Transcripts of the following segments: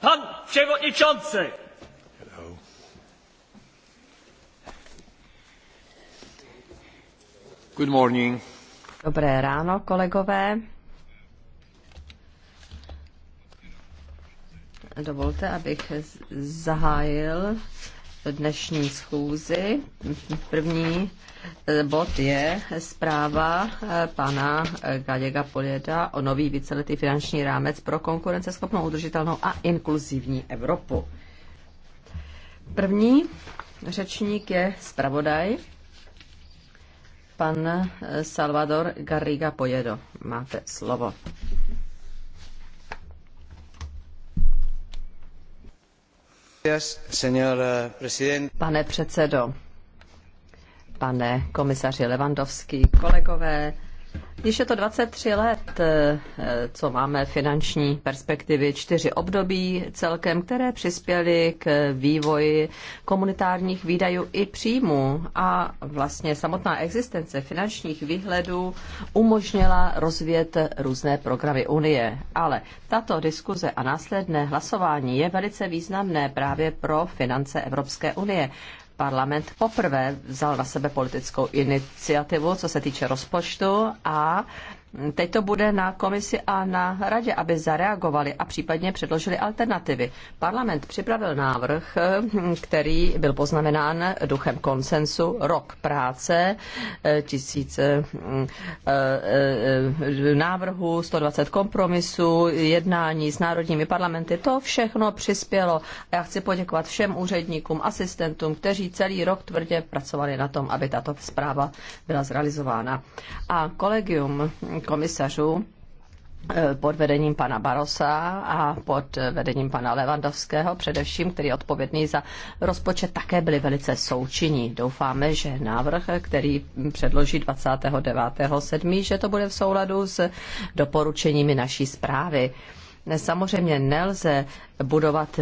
Pan przewodniczący! Hello. Good morning. Dobré ráno, kolegové. Dovolte, abych zahájil dnešní schůzi. První eh, bod je zpráva eh, pana eh, Gadega Poljeda o nový víceletý finanční rámec pro konkurenceschopnou, udržitelnou a inkluzivní Evropu. První řečník je zpravodaj, pan Salvador Garriga Pojedo. Máte slovo. Pane předsedo, pane komisaři Lewandowski, kolegové, když je to 23 let, eh, co máme finanční perspektivy, čtyři období celkem, které přispěly k vývoji komunitárních výdajů i příjmů. A vlastně samotná existence finančních výhledů umožnila rozvět různé programy Unie. Ale tato diskuze a následné hlasování je velice významné právě pro finance Evropské unie parlament poprvé vzal na sebe politickou iniciativu, co se týče rozpočtu a Teď to bude na komisi a na radě, aby zareagovali a případně předložili alternativy. Parlament připravil návrh, který byl poznamenán duchem konsensu, rok práce, eh, tisíce eh, eh, návrhů, 120 kompromisů, jednání s národními parlamenty. To všechno přispělo. A já chci poděkovat všem úředníkům, asistentům, kteří celý rok tvrdě pracovali na tom, aby tato zpráva byla zrealizována. A kolegium komisařů eh, pod vedením pana Barosa a pod vedením pana Levandovského, především, který je odpovědný za rozpočet, také byli velice součinní. Doufáme, že návrh, který předloží 29.7., že to bude v souladu s doporučeními naší zprávy. Samozřejmě nelze budovat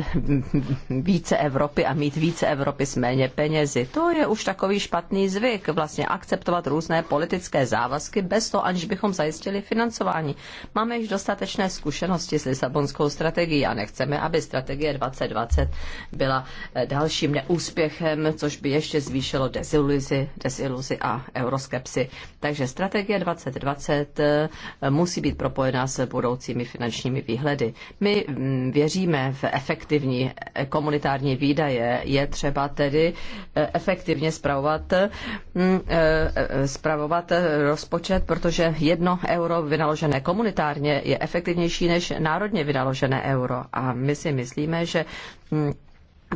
více Evropy a mít více Evropy s méně penězi. To je už takový špatný zvyk, vlastně akceptovat různé politické závazky bez toho, aniž bychom zajistili financování. Máme již dostatečné zkušenosti s Lisabonskou strategií a nechceme, aby strategie 2020 byla eh, dalším neúspěchem, což by ještě zvýšilo deziluzi, deziluzi a euroskepsy. Takže strategie 2020 eh, musí být propojená s budoucími finančními výhledy. My mm, věříme, v efektivní komunitární výdaje, je třeba tedy eh, efektivně spravovat, mm, eh, spravovat rozpočet, protože jedno euro vynaložené komunitárně je efektivnější než národně vynaložené euro. A my si myslíme, že mm,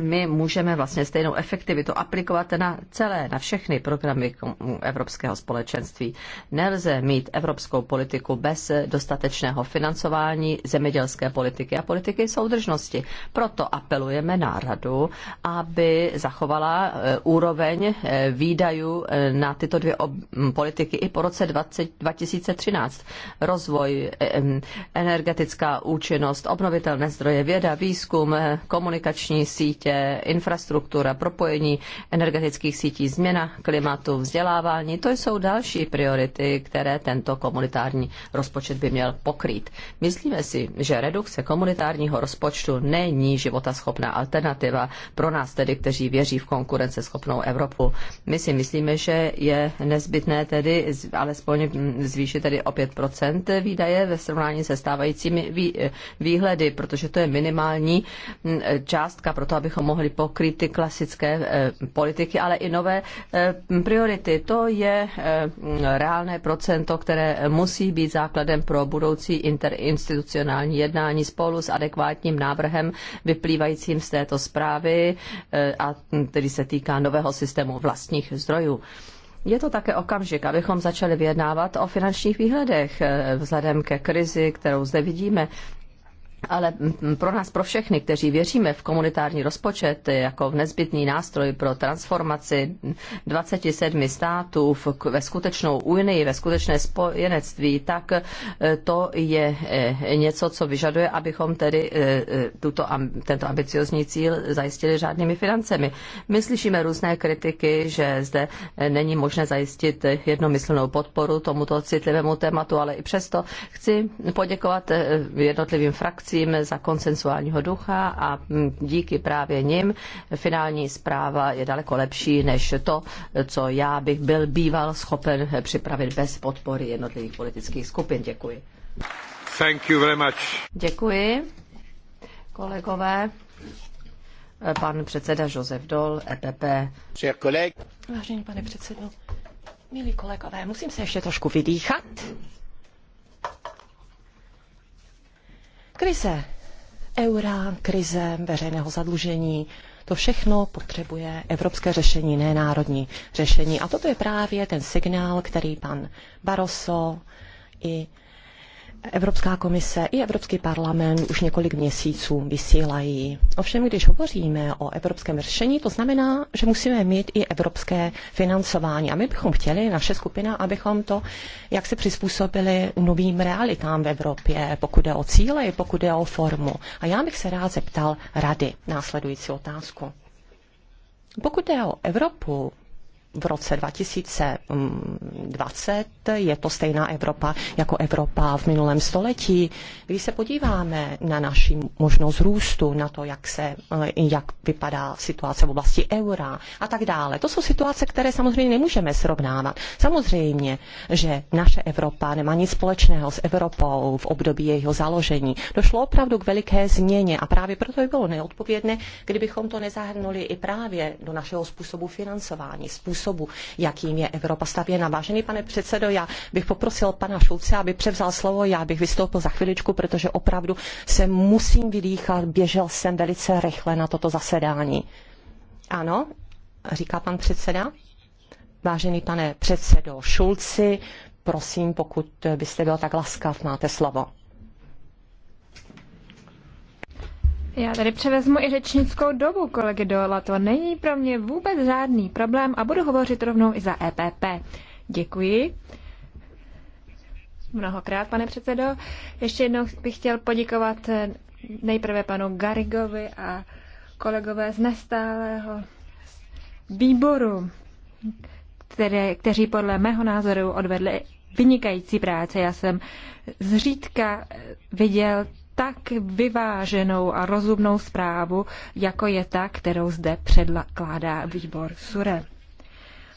my můžeme vlastně stejnou efektivitu aplikovat na celé, na všechny programy Evropského společenství. Nelze mít evropskou politiku bez dostatečného financování zemědělské politiky a politiky soudržnosti. Proto apelujeme na radu, aby zachovala eh, úroveň eh, výdajů eh, na tyto dvě politiky i po roce 20, 2013. Rozvoj, energetická účinnost, obnovitelné zdroje, věda, výzkum, komunikační síť, sítě, infrastruktura, propojení energetických sítí, změna klimatu, vzdělávání. To jsou další priority, které tento komunitární rozpočet by měl pokrýt. Myslíme si, že redukce komunitárního rozpočtu není životaschopná alternativa pro nás tedy, kteří věří v konkurenceschopnou Evropu. My si myslíme, že je nezbytné tedy alespoň zvýšit tedy o 5% výdaje ve srovnání se stávajícími výhledy, protože to je minimální částka pro to, abychom abychom mohli pokryt ty klasické eh, politiky, ale i nové eh, priority. To je eh, reálné procento, které musí být základem pro budoucí interinstitucionální jednání spolu s adekvátním návrhem vyplývajícím z této zprávy, a který se týká nového systému vlastních zdrojů. Je to také okamžik, abychom začali vyjednávat o finančních výhledech vzhledem ke krizi, kterou zde vidíme ale pro nás, pro všechny, kteří věříme v komunitární rozpočet jako v nezbytný nástroj pro transformaci 27 států ve skutečnou unii, ve skutečné spojenectví, tak e, to je e, něco, co vyžaduje, abychom tedy e, tuto, tento ambiciozní cíl zajistili řádnými financemi. My slyšíme různé kritiky, že zde není možné zajistit jednomyslnou podporu tomuto citlivému tématu, ale i přesto chci poděkovat jednotlivým frakcím, prosím za konsensuálního ducha a díky právě nim finální zpráva je daleko lepší než to, co já bych byl býval schopen připravit bez podpory jednotlivých politických skupin. Děkuji. Thank you very much. Děkuji, kolegové pan předseda Josef Dol, EPP. Vážený pane předsedo, milí kolegové, musím se ještě trošku vydýchat. Krize eura, krize veřejného zadlužení, to všechno potřebuje evropské řešení, ne národní řešení. A toto je právě ten signál, který pan Barroso i Evropská komise i Evropský parlament už několik měsíců vysílají. Ovšem, když hovoříme o evropském řešení, to znamená, že musíme mít i evropské financování. A my bychom chtěli, naše skupina, abychom to, jak se přizpůsobili novým realitám v Evropě, pokud jde o cíle, pokud jde o formu. A já bych se rád zeptal rady následující otázku. Pokud jde o Evropu, v roce 2020 je to stejná Evropa jako Evropa v minulém století. Když se podíváme na naši možnost růstu, na to, jak, se, eh, jak vypadá situace v oblasti eura a tak dále, to jsou situace, které samozřejmě nemůžeme srovnávat. Samozřejmě, že naše Evropa nemá nic společného s Evropou v období jejího založení. Došlo opravdu k veliké změně a právě proto by bylo neodpovědné, kdybychom to nezahrnuli i právě do našeho způsobu financování, způsobu způsobu, jakým je Evropa stavěna. Vážený pane předsedo, já bych poprosil pana Šulce, aby převzal slovo, já bych vystoupil za chviličku, protože opravdu se musím vydýchat, běžel jsem velice rychle na toto zasedání. Ano, říká pan předseda. Vážený pane předsedo Šulci, prosím, pokud byste byl tak laskav, máte slovo. Já tady převezmu i řečnickou dobu, kolegy Dola. To není pro mě vůbec žádný problém a budu hovořit rovnou i za EPP. Děkuji. Mnohokrát, pane předsedo. Ještě jednou bych chtěl poděkovat eh, nejprve panu Garigovi a kolegové z nestálého výboru, které, kteří podle mého názoru odvedli vynikající práce. Já jsem zřídka viděl tak vyváženou a rozumnou zprávu, jako je ta, kterou zde předkládá výbor SURE.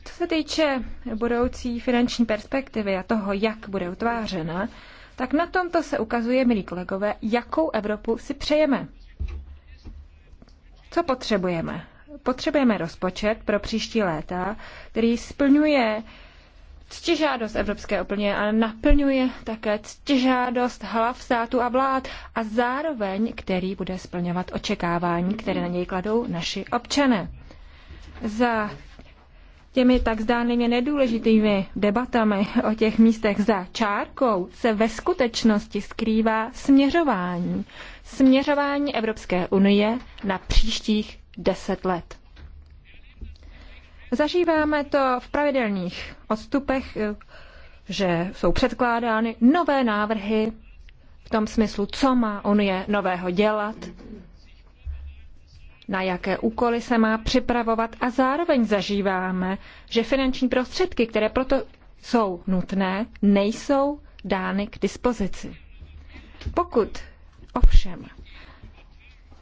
Co se týče budoucí finanční perspektivy a toho, jak bude utvářena, tak na tomto se ukazuje, milí kolegové, jakou Evropu si přejeme. Co potřebujeme? Potřebujeme rozpočet pro příští léta, který splňuje ctižádost Evropské unie, a naplňuje také ctižádost hlav státu a vlád a zároveň, který bude splňovat očekávání, které na něj kladou naši občané. Za těmi tak zdánlivě nedůležitými debatami o těch místech za čárkou se ve skutečnosti skrývá směřování. Směřování Evropské unie na příštích deset let. Zažíváme to v pravidelných odstupech, že jsou předkládány nové návrhy v tom smyslu, co má Unie nového dělat, na jaké úkoly se má připravovat a zároveň zažíváme, že finanční prostředky, které proto jsou nutné, nejsou dány k dispozici. Pokud ovšem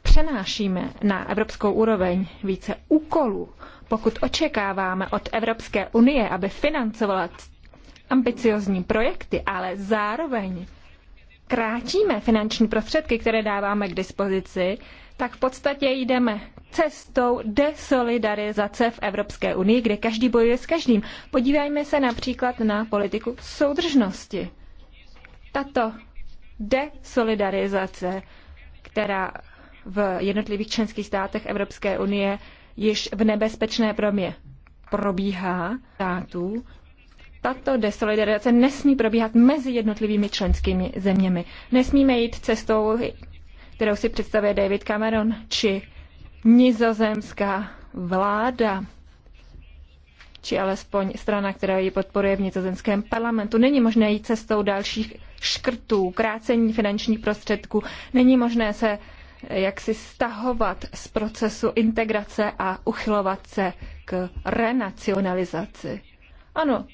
přenášíme na evropskou úroveň více úkolů, pokud očekáváme od Evropské unie, aby financovala ambiciozní projekty, ale zároveň krátíme finanční prostředky, které dáváme k dispozici, tak v podstatě jdeme cestou desolidarizace v Evropské unii, kde každý bojuje s každým. Podívejme se například na politiku soudržnosti. Tato desolidarizace, která v jednotlivých členských státech Evropské unie již v nebezpečné promě probíhá států, tato desolidarizace nesmí probíhat mezi jednotlivými členskými zeměmi. Nesmíme jít cestou, kterou si představuje David Cameron či nizozemská vláda či alespoň strana, která ji podporuje v nizozemském parlamentu. Není možné jít cestou dalších škrtů, krácení finančních prostředků, není možné se jak si stahovat z procesu integrace a uchylovat se k renacionalizaci. Ano,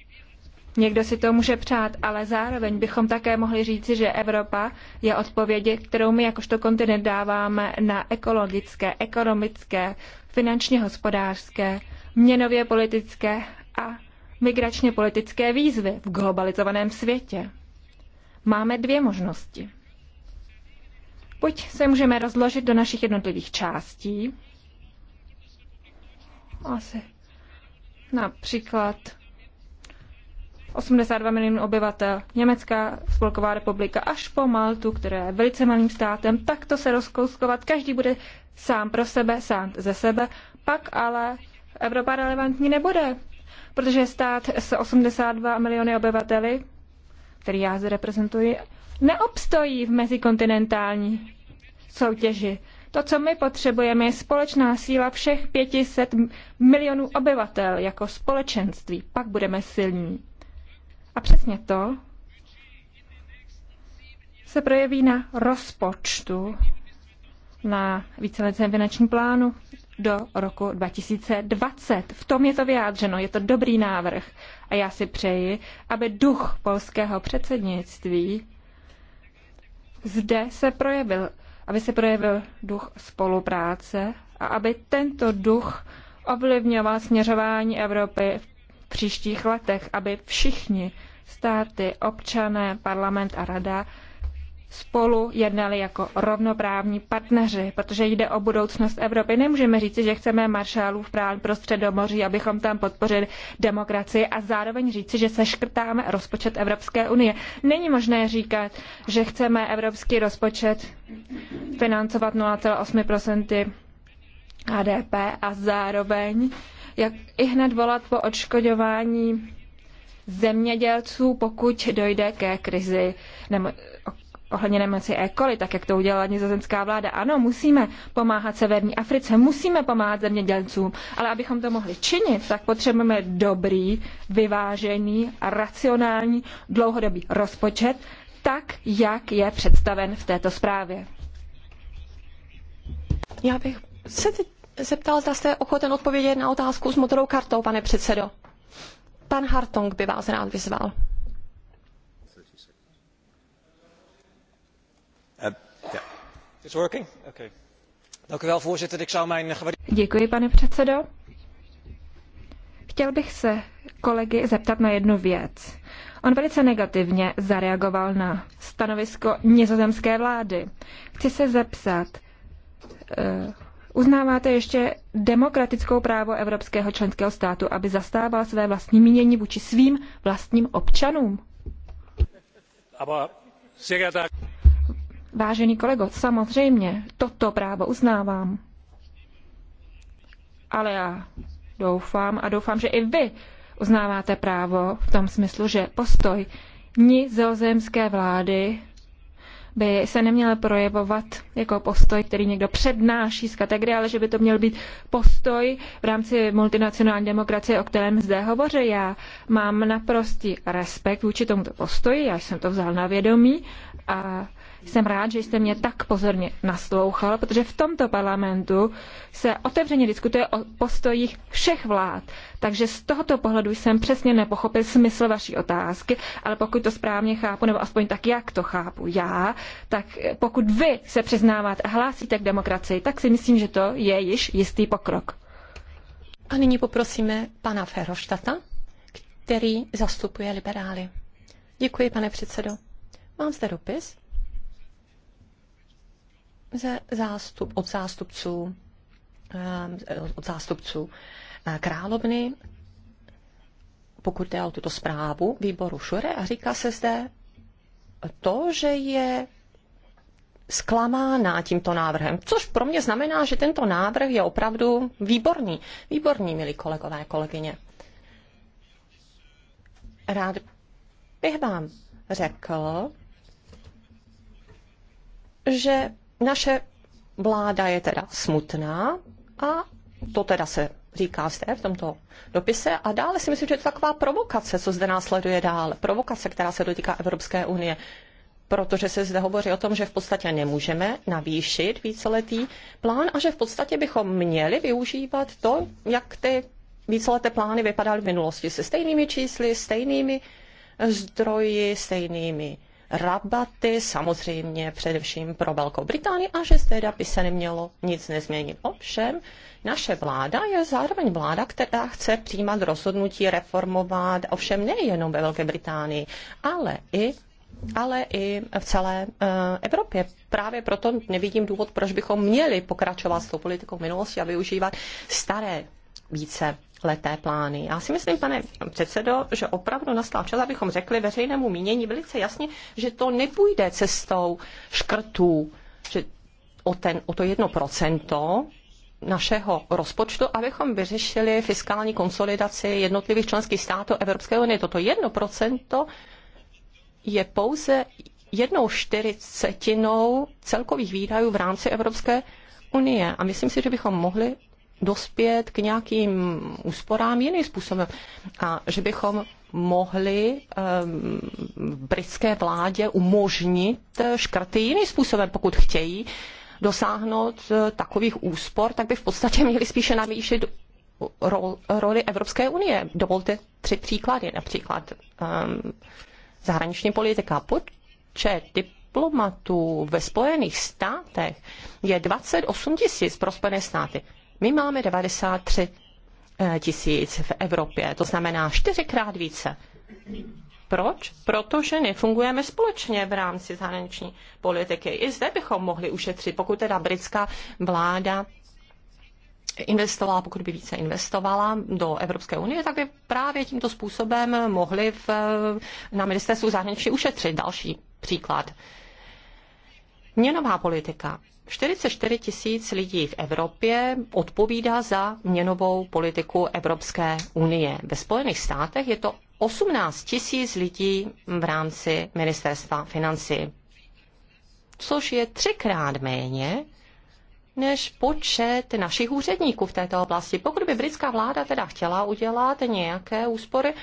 někdo si to může přát, ale zároveň bychom také mohli říci, že Evropa je odpovědi, kterou my jakožto kontinent dáváme na ekologické, ekonomické, finančně hospodářské, měnově politické a migračně politické výzvy v globalizovaném světě. Máme dvě možnosti Buď se můžeme rozložit do našich jednotlivých částí, asi například 82 milionů obyvatel, Německá spolková republika až po Maltu, která je velice malým státem, tak to se rozkouskovat, každý bude sám pro sebe, sám ze sebe, pak ale Evropa relevantní nebude, protože stát s 82 miliony obyvateli, který já zde reprezentuji, neobstojí v mezikontinentální soutěži. To, co my potřebujeme, je společná síla všech 500 milionů obyvatel jako společenství. Pak budeme silní. A přesně to se projeví na rozpočtu na víceletém finančním plánu do roku 2020. V tom je to vyjádřeno, je to dobrý návrh. A já si přeji, aby duch polského předsednictví zde se projevil, aby se projevil duch spolupráce a aby tento duch ovlivňoval směřování Evropy v příštích letech, aby všichni státy, občané, parlament a rada spolu jednali jako rovnoprávní partneři, protože jde o budoucnost Evropy. Nemůžeme říci, že chceme Maršálův plán pro středomoří, abychom tam podpořili demokracii a zároveň říci, že se škrtáme rozpočet Evropské unie. Není možné říkat, že chceme evropský rozpočet financovat 0,8 HDP a zároveň jak i hned volat po odškodování zemědělců, pokud dojde ke krizi, nebo ohledně nemoci E. coli, tak jak to udělala nizozemská vláda. Ano, musíme pomáhat Severní Africe, musíme pomáhat zemědělcům, ale abychom to mohli činit, tak potřebujeme dobrý, vyvážený, racionální, dlouhodobý rozpočet, tak, jak je představen v této zprávě. Já bych se teď zeptal, zda jste ochoten odpovědět na otázku s motorou kartou, pane předsedo. Pan Hartong by vás rád vyzval. Děkuji, pane předsedo. Chtěl bych se kolegy zeptat na jednu věc. On velice negativně zareagoval na stanovisko nizozemské vlády. Chci se zepsat, eh, uznáváte ještě demokratickou právo evropského členského státu, aby zastával své vlastní mínění vůči svým vlastním občanům? Vážený kolego, samozřejmě toto právo uznávám. Ale já doufám a doufám, že i vy uznáváte právo v tom smyslu, že postoj nizozemské vlády by se neměl projevovat jako postoj, který někdo přednáší z kategorie, ale že by to měl být postoj v rámci multinacionální demokracie, o kterém zde hovoří. Já mám naprostý respekt vůči tomuto postoji, já jsem to vzal na vědomí a jsem rád, že jste mě tak pozorně naslouchal, protože v tomto parlamentu se otevřeně diskutuje o postojích všech vlád. Takže z tohoto pohledu jsem přesně nepochopil smysl vaší otázky, ale pokud to správně chápu, nebo aspoň tak, jak to chápu já, tak pokud vy se přiznáváte a hlásíte k demokracii, tak si myslím, že to je již jistý pokrok. A nyní poprosíme pana Ferroštata, který zastupuje liberály. Děkuji, pane předsedo. Mám zde dopis ze zástup, od zástupců, eh, od zástupců eh, královny, pokud jde o tuto zprávu výboru Šure a říká se zde to, že je zklamána tímto návrhem, což pro mě znamená, že tento návrh je opravdu výborný. Výborný, milí kolegové, kolegyně. Rád bych vám řekl, že naše vláda je teda smutná a to teda se říká zde v tomto dopise. A dále si myslím, že je to taková provokace, co zde následuje dále. Provokace, která se dotýká Evropské unie. Protože se zde hovoří o tom, že v podstatě nemůžeme navýšit víceletý plán a že v podstatě bychom měli využívat to, jak ty víceleté plány vypadaly v minulosti se stejnými čísly, stejnými zdroji, stejnými rabaty, samozřejmě především pro Velkou Británii a že zde by se nemělo nic nezměnit. Ovšem, naše vláda je zároveň vláda, která chce přijímat rozhodnutí reformovat, ovšem nejenom ve Velké Británii, ale i ale i v celé eh, Evropě. Právě proto nevidím důvod, proč bychom měli pokračovat s tou politikou minulosti a využívat staré více leté plány. Já si myslím, pane předsedo, že opravdu nastal čas, abychom řekli veřejnému mínění velice jasně, že to nepůjde cestou škrtů, že o, ten, o to jedno procento našeho rozpočtu, abychom vyřešili fiskální konsolidaci jednotlivých členských států Evropské unie. Toto jedno procento je pouze jednou čtyřicetinou celkových výdajů v rámci Evropské unie. A myslím si, že bychom mohli dospět k nějakým úsporám jiným způsobem. A že bychom mohli um, britské vládě umožnit eh, škrty jiným způsobem, pokud chtějí dosáhnout eh, takových úspor, tak by v podstatě měli spíše navýšit roli Evropské unie. Dovolte tři příklady. Například um, zahraniční politika. Počet diplomatů ve Spojených státech je 28 tisíc pro Spojené státy. My máme 93 eh, tisíc v Evropě, to znamená čtyřikrát více. Proč? Protože nefungujeme společně v rámci zahraniční politiky. I zde bychom mohli ušetřit, pokud teda britská vláda investovala, pokud by více investovala do Evropské unie, tak by právě tímto způsobem mohli v, na ministerstvu zahraničí ušetřit. Další příklad. Měnová politika. 44 tisíc lidí v Evropě odpovídá za měnovou politiku Evropské unie. Ve Spojených státech je to 18 tisíc lidí v rámci ministerstva financí, což je třikrát méně než počet našich úředníků v této oblasti. Pokud by britská vláda teda chtěla udělat nějaké úspory,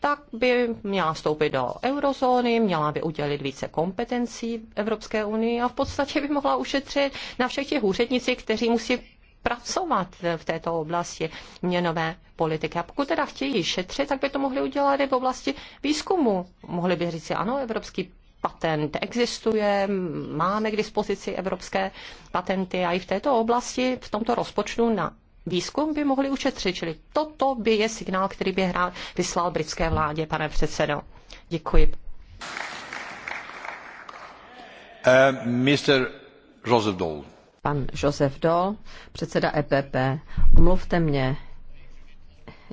tak by měla vstoupit do eurozóny, měla by udělit více kompetencí Evropské unii a v podstatě by mohla ušetřit na všech těch úřednicích, kteří musí pracovat v této oblasti měnové politiky. A pokud teda chtějí šetřit, tak by to mohli udělat i v oblasti výzkumu. Mohli by říct, ano, evropský patent existuje, máme k dispozici evropské patenty a i v této oblasti, v tomto rozpočtu na výzkum by mohli ušetřit. Čili toto by je signál, který by hrál, vyslal britské vládě, pane předsedo. Děkuji. Uh, eh, Mr. Joseph Dole. Pan Josef Dol, předseda EPP. Omluvte mě,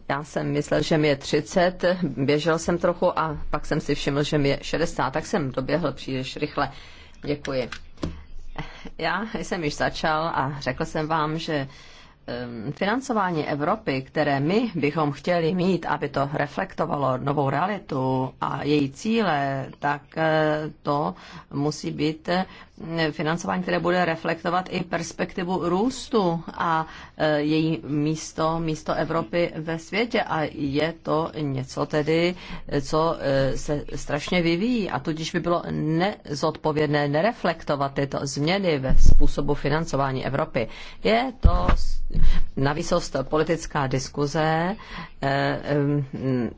já jsem myslel, že mi je 30, běžel jsem trochu a pak jsem si všiml, že mi je 60, tak jsem doběhl příliš rychle. Děkuji. Já jsem již začal a řekl jsem vám, že financování Evropy, které my bychom chtěli mít, aby to reflektovalo novou realitu a její cíle, tak eh, to musí být financování, které bude reflektovat i perspektivu růstu a e, její místo, místo Evropy ve světě. A je to něco tedy, co e, se strašně vyvíjí a tudíž by bylo nezodpovědné nereflektovat tyto změny ve způsobu financování Evropy. Je to na politická diskuze, Eh,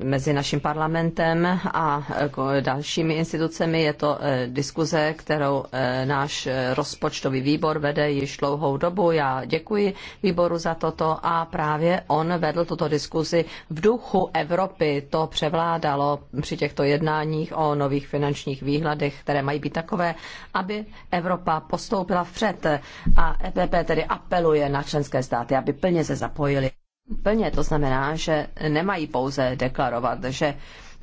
mezi naším parlamentem a jako dalšími institucemi. Je to eh, diskuze, kterou eh, náš rozpočtový výbor vede již dlouhou dobu. Já děkuji výboru za toto a právě on vedl tuto diskuzi v duchu Evropy. To převládalo při těchto jednáních o nových finančních výhledech, které mají být takové, aby Evropa postoupila vpřed. A EPP tedy apeluje na členské státy, aby plně se zapojili plně. To znamená, že nemají pouze deklarovat, že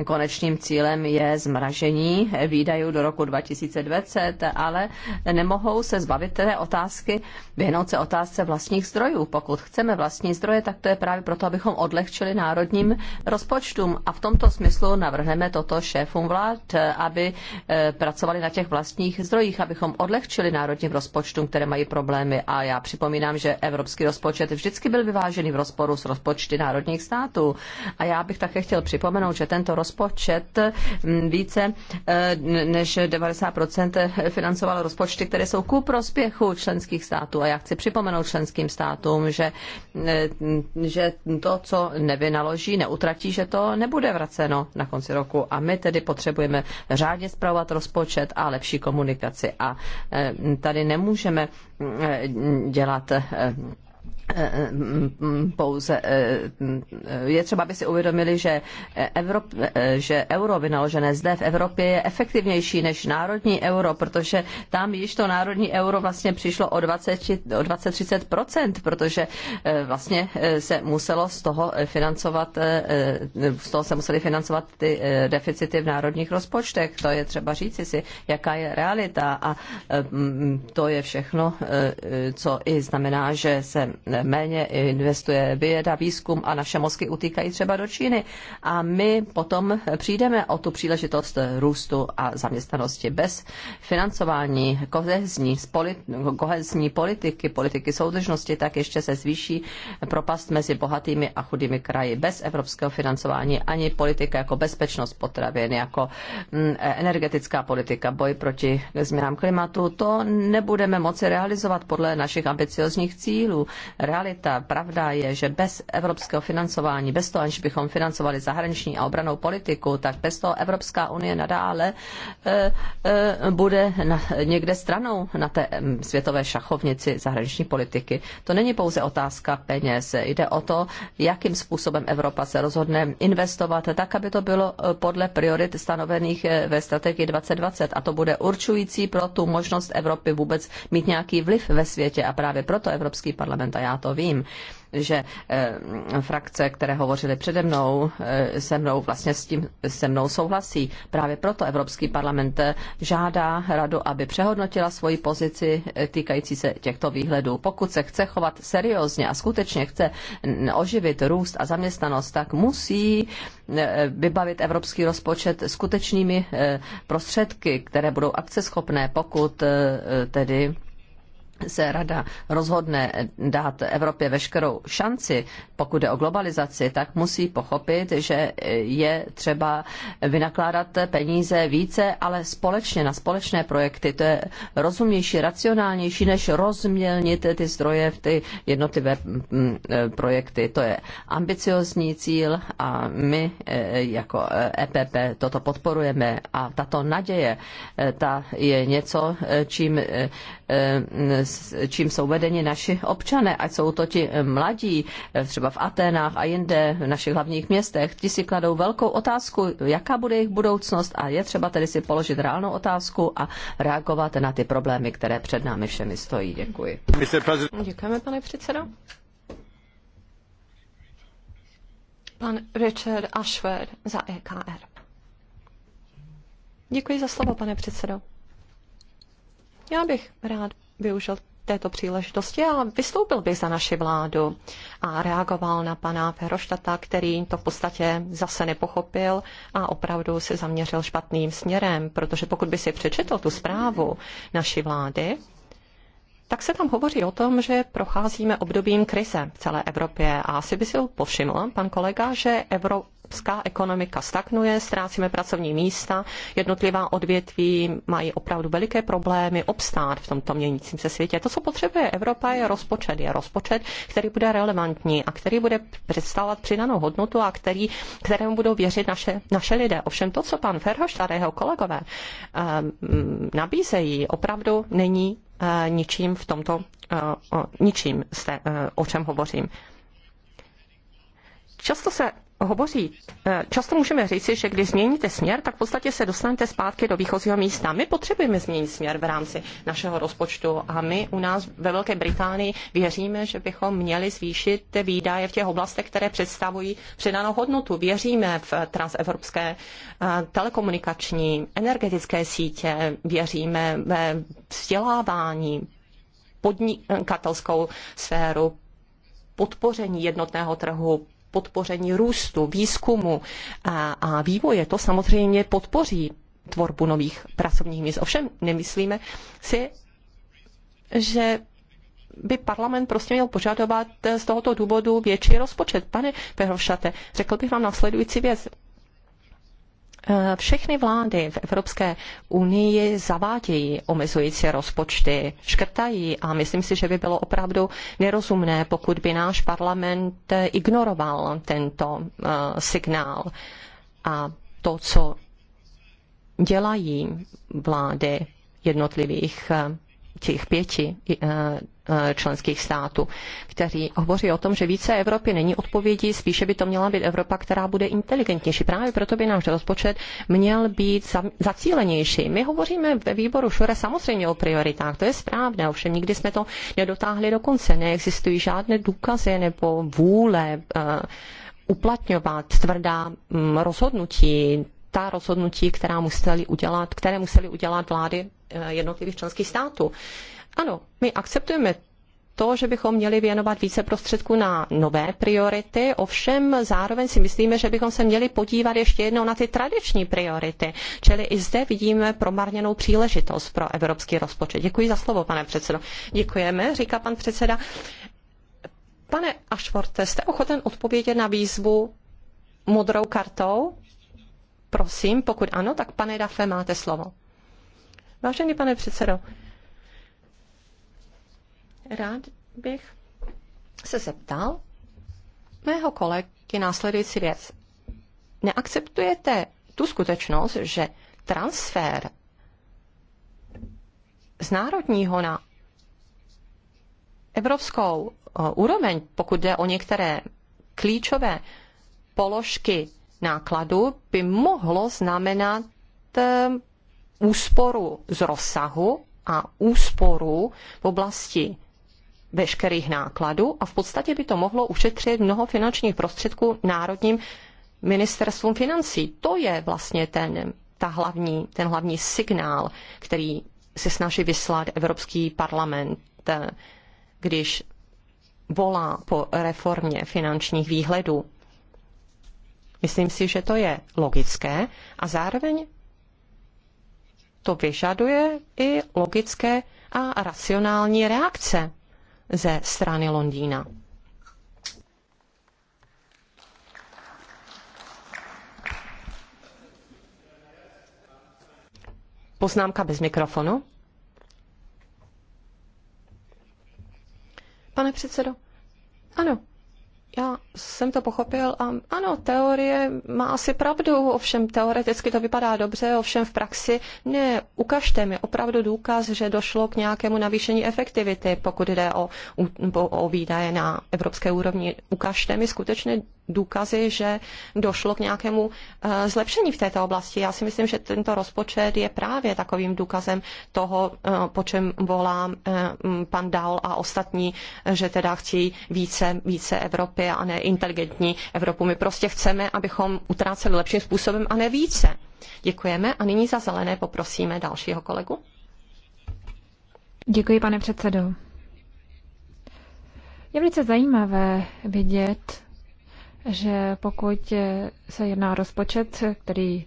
konečným cílem je zmražení výdajů do roku 2020, ale nemohou se zbavit té otázky, vyhnout se otázce vlastních zdrojů. Pokud chceme vlastní zdroje, tak to je právě proto, abychom odlehčili národním rozpočtům. A v tomto smyslu navrhneme toto šéfům vlád, aby eh, pracovali na těch vlastních zdrojích, abychom odlehčili národním rozpočtům, které mají problémy. A já připomínám, že evropský rozpočet vždycky byl vyvážený v rozporu s rozpočty národních států. A já bych také chtěl připomenout, že tento rozpočet mm, více eh, než 90% financoval rozpočty, které jsou ku prospěchu členských států. A já chci připomenout členským státům, že, eh, že to, co nevynaloží, neutratí, že to nebude vraceno na konci roku. A my tedy potřebujeme řádně zpravovat rozpočet a lepší komunikaci. A eh, tady nemůžeme dělat Eh, eh, mm, pouze eh, je třeba, aby si uvědomili, že, Evrop, že euro vynaložené zde v Evropě je efektivnější než národní euro, protože tam již to národní euro vlastně přišlo o 20-30%, protože vlastně se muselo z toho financovat, z toho se museli financovat ty deficity v národních rozpočtech. To je třeba říci si, jaká je realita a mm, to je všechno, co i znamená, že se méně investuje věda, výzkum a naše mozky utíkají třeba do Číny. A my potom přijdeme o tu příležitost růstu a zaměstnanosti bez financování kohezní, spolit, kohezní politiky, politiky soudržnosti, tak ještě se zvýší propast mezi bohatými a chudými kraji. Bez evropského financování ani politika jako bezpečnost potravin, jako mm, energetická politika, boj proti změnám klimatu, to nebudeme moci realizovat podle našich ambiciozních cílů realita, pravda je, že bez evropského financování, bez toho, aniž bychom financovali zahraniční a obranou politiku, tak bez toho Evropská unie nadále eh, eh, bude někde stranou na té světové šachovnici zahraniční politiky. To není pouze otázka peněz, jde o to, jakým způsobem Evropa se rozhodne investovat tak, aby to bylo eh, podle priorit stanovených ve strategii 2020 a to bude určující pro tu možnost Evropy vůbec mít nějaký vliv ve světě a právě proto Evropský parlament a já to vím, že eh, frakce, které hovořily přede mnou, eh, se mnou vlastně s tím se mnou souhlasí. Právě proto Evropský parlament eh, žádá radu, aby přehodnotila svoji pozici týkající se těchto výhledů. Pokud se chce chovat seriózně a skutečně chce oživit růst a zaměstnanost, tak musí vybavit evropský rozpočet skutečnými prostředky, které budou akceschopné, pokud tedy se rada rozhodne dát Evropě veškerou šanci, pokud jde o globalizaci, tak musí pochopit, že je třeba vynakládat peníze více, ale společně na společné projekty. To je rozumnější, racionálnější, než rozmělnit ty zdroje v ty jednotlivé mm, eh, projekty. To je ambiciozní cíl a my eh, jako EPP eh, e toto podporujeme a tato naděje, ta je něco, čím Eh, čím jsou vedeni naši občané, ať jsou to ti mladí, eh, třeba v Aténách a jinde, v našich hlavních městech. Ti si kladou velkou otázku, jaká bude jejich budoucnost a je třeba tedy si položit reálnou otázku a reagovat na ty problémy, které před námi všemi stojí. Děkuji. Děkujeme, pane předsedo. Pan Richard Ashford za EKR. Děkuji za slovo, pane předsedo. Já bych rád využil této příležitosti a vystoupil bych za naši vládu a reagoval na pana Feroštata, který to v podstatě zase nepochopil a opravdu se zaměřil špatným směrem, protože pokud by si přečetl tu zprávu naší vlády, tak se tam hovoří o tom, že procházíme obdobím krize v celé Evropě a asi by si ho povšiml pan kolega, že Euro, evropská ekonomika stagnuje, ztrácíme pracovní místa, jednotlivá odvětví mají opravdu veliké problémy obstát v tomto měnícím se světě. To, co potřebuje Evropa, je rozpočet. Je rozpočet, který bude relevantní a který bude představovat přidanou hodnotu a který, kterému budou věřit naše, naše lidé. Ovšem to, co pan Ferhoštad a jeho kolegové ehm, nabízejí, opravdu není eh, ničím v tomto, eh, ničím, eh, o čem hovořím. Často se hovoří, eh, často můžeme říci, že když změníte směr, tak v podstatě se dostanete zpátky do výchozího místa. My potřebujeme změnit směr v rámci našeho rozpočtu a my u nás ve Velké Británii věříme, že bychom měli zvýšit výdaje v těch oblastech, které představují přidanou hodnotu. Věříme v transevropské eh, telekomunikační, energetické sítě, věříme ve vzdělávání, podnikatelskou sféru, podpoření jednotného trhu, podpoření růstu, výzkumu a, a vývoje. To samozřejmě podpoří tvorbu nových pracovních míst. Ovšem nemyslíme si, že by parlament prostě měl požadovat z tohoto důvodu větší rozpočet. Pane Perhovšate, řekl bych vám následující věc. Eh, všechny vlády v Evropské unii zavádějí omezující rozpočty, škrtají a myslím si, že by bylo opravdu nerozumné, pokud by náš parlament eh, ignoroval tento eh, signál a to, co dělají vlády jednotlivých těch pěti Eh, členských států, který hovoří o tom, že více Evropy není odpovědí, spíše by to měla být Evropa, která bude inteligentnější. Právě proto by náš rozpočet měl být zacílenější. My hovoříme ve výboru Šure samozřejmě o prioritách, to je správné, ovšem nikdy jsme to nedotáhli do konce. Neexistují žádné důkazy nebo vůle eh, uplatňovat tvrdá mm, rozhodnutí, ta rozhodnutí, která museli udělat, které museli udělat vlády eh, jednotlivých členských států. Ano, my akceptujeme to, že bychom měli věnovat více prostředků na nové priority, ovšem zároveň si myslíme, že bychom se měli podívat ještě jednou na ty tradiční priority. Čili i zde vidíme promarněnou příležitost pro evropský rozpočet. Děkuji za slovo, pane předsedo. Děkujeme, říká pan předseda. Pane Ashworth, jste ochoten odpovědět na výzvu modrou kartou? Prosím, pokud ano, tak pane Dafe, máte slovo. Vážený pane předsedo, Rád bych se zeptal mého kolegy následující věc. Neakceptujete tu skutečnost, že transfer z národního na evropskou úroveň, pokud jde o některé klíčové položky nákladu, by mohlo znamenat e, úsporu z rozsahu a úsporu v oblasti veškerých nákladů a v podstatě by to mohlo ušetřit mnoho finančních prostředků národním ministerstvům financí. To je vlastně ten, ta hlavní, ten hlavní signál, který se snaží vyslat Evropský parlament, když volá po reformě finančních výhledů. Myslím si, že to je logické a zároveň to vyžaduje i logické a racionální reakce ze strany Londýna. Poznámka bez mikrofonu. Pane předsedo, ano, já jsem to pochopil a ano, teorie má asi pravdu, ovšem teoreticky to vypadá dobře, ovšem v praxi ne, ukažte mi opravdu důkaz, že došlo k nějakému navýšení efektivity, pokud jde o, o, o výdaje na evropské úrovni. Ukažte mi skutečné důkazy, že došlo k nějakému eh, zlepšení v této oblasti. Já si myslím, že tento rozpočet je právě takovým důkazem toho, eh, po čem volám eh, pan Dal a ostatní, že teda chtějí více, více Evropy Evropě a ne inteligentní Evropu. My prostě chceme, abychom utráceli lepším způsobem a ne více. Děkujeme a nyní za zelené poprosíme dalšího kolegu. Děkuji, pane předsedo. Je velice zajímavé vidět, že pokud se jedná rozpočet, který